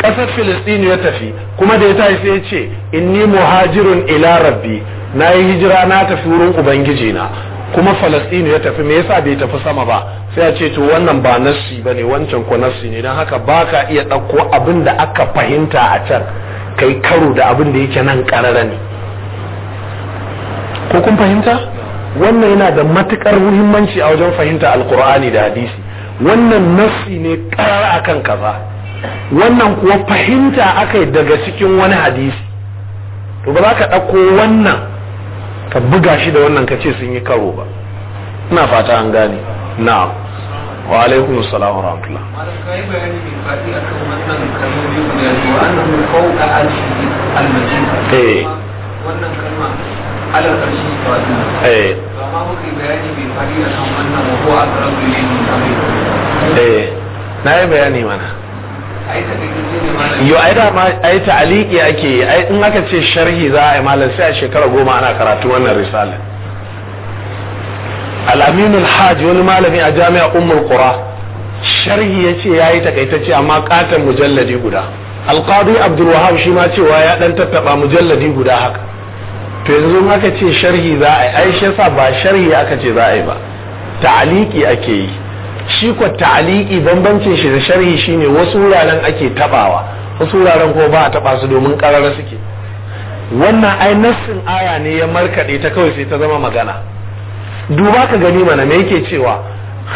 ƙasar filistinu ya tafi kuma da ya tashi sai ya ce inni muhajirun ila rabbi na yi hijira na tafi wurin ubangiji na kuma falastini ya tafi me yasa bai tafi sama ba sai a ce to wannan ba nassi ba ne wancan ko nassi ne don haka ba ka iya ɗauko abin da aka fahimta a can kai karo da abin da yake nan ƙarara ne ko kun fahimta wannan yana da matukar muhimmanci a wajen fahimta alkur'ani da hadisi wannan nassi ne ƙarara akan kaza wannan kuwa fahimta aka daga cikin wani hadisi to ba za ka ɗauko wannan ka buga shi da wannan ka ce sun yi karo ba ina fata an gane na wa alaikum salam wa rahmatullah eh.
wannan kalma eh. wannan wa
eh. na yi bayani mana yo ai da ma ai ta'aliki ake yi ai in aka ce sharhi za a yi malam sai a shekara goma ana karatu wannan risala al-amin wani malami a jami'a Umar qura sharhi yace yayi takaitacce amma katan mujalladi guda al-qadi shi ma cewa ya dan tattaba mujalladi guda haka to yanzu in aka ce sharhi za a yi ai yasa ba sharhi aka ce za a yi ba ta'aliki ake yi shi kwa ta'aliki bambancin shi da sharhi shine wasu wuraren ake tabawa wasu wuraren ko ba a taba su domin karara suke wannan ai nassin aya ne ya markade ta kawai sai ta zama magana duba ka gani mana me yake cewa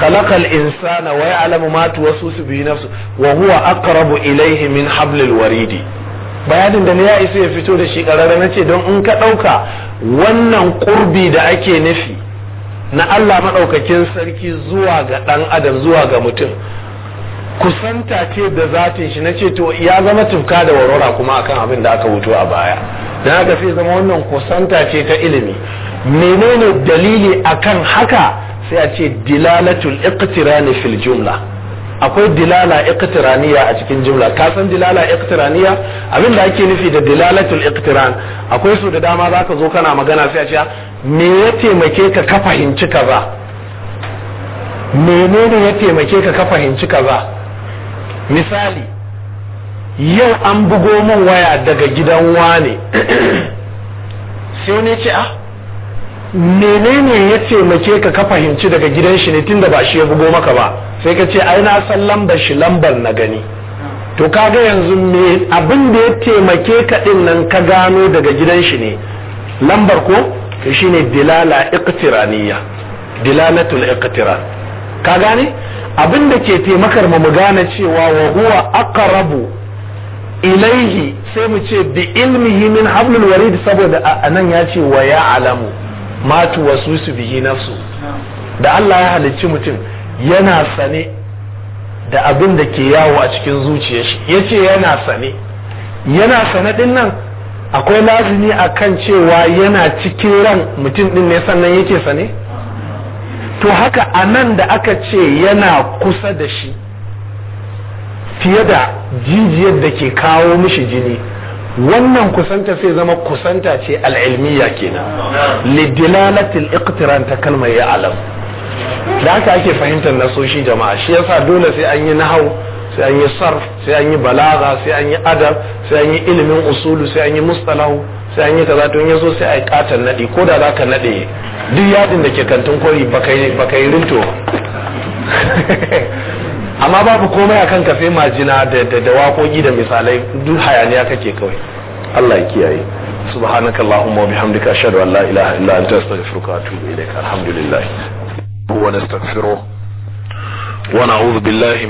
khalaqal insana wa ya'lamu ma tuwaswisu bi nafsi wa huwa aqrabu ilayhi min hablil waridi bayanin da ne ya isa ya fito da shi karara nace don in ka dauka wannan ƙurbi da ake nufi na Allah maɗaukakin sarki zuwa ga ɗan adam zuwa ga mutum kusanta ce da zatin shi na ce to ya zama tufka da warwara kuma akan abin da aka wuto a baya don haka sai zama wannan kusanta ce ta ilimi menene dalili akan haka sai a ce dilalatul iqtirani fil jumla akwai dilala iqtiraniya a cikin jumla ka san dilala iqtiraniya abin da ake nufi da dilalatul iqtiran akwai su da dama zaka zo kana magana sai a ce me ya taimake ka ka fahimci kaza menene ya taimake ka ka fahimci kaza misali yau an bugo min waya daga gidan wane sai ne ce a ah, menene ya taimake ka ka fahimci daga gidan shi ne tunda ba shi ya bugo maka ba sai ka ce ai na san lambar shi lambar na gani to ka ga yanzu me abin da ya taimake ka din nan ka gano daga gidan shi ne lambar ko shi shine dilala iqtiraniya dilalatul iqtiran ka gane abin da ke taimakar mu mu gane cewa wa huwa aqrabu ilaihi sai mu ce bi ilmihi min hablul warid saboda anan ya ce wa ya'lamu ma tuwaswisu bihi nafsu da Allah ya halicci mutum yana sane da abin da ke yawo a cikin zuciyar shi yace yana sane yana sane din nan akwai a kan cewa yana cikin ran mutum ɗin ne sannan yake sane to haka a nan da aka ce yana kusa da shi fiye da jijiyar da ke kawo mishi jini wannan kusanta sai zama kusanta ce al'ilmiya kenan lidilalatil iktiran ta kalmar ya alam da aka ake fahimtar nasoshi jama'a shi yasa dole sai an yi nahau sai an yi sarf sai an yi balaga sai an yi adab sai an yi ilimin usulu sai an yi mustalahu sai an yi kaza to ya zo sai a yi katon naɗe ko da za ka nade duk yadin da ke kantin kori ba ka yi rinto amma babu komai akan kafe majina da waƙoƙi da misalai duk hayaniya kake kawai Allah ya kiyaye bihamdika ashhadu an la ilaha illa anta astaghfiruka wa atubu ilayk alhamdulillah wa nastaghfiruh
wa na'udhu billahi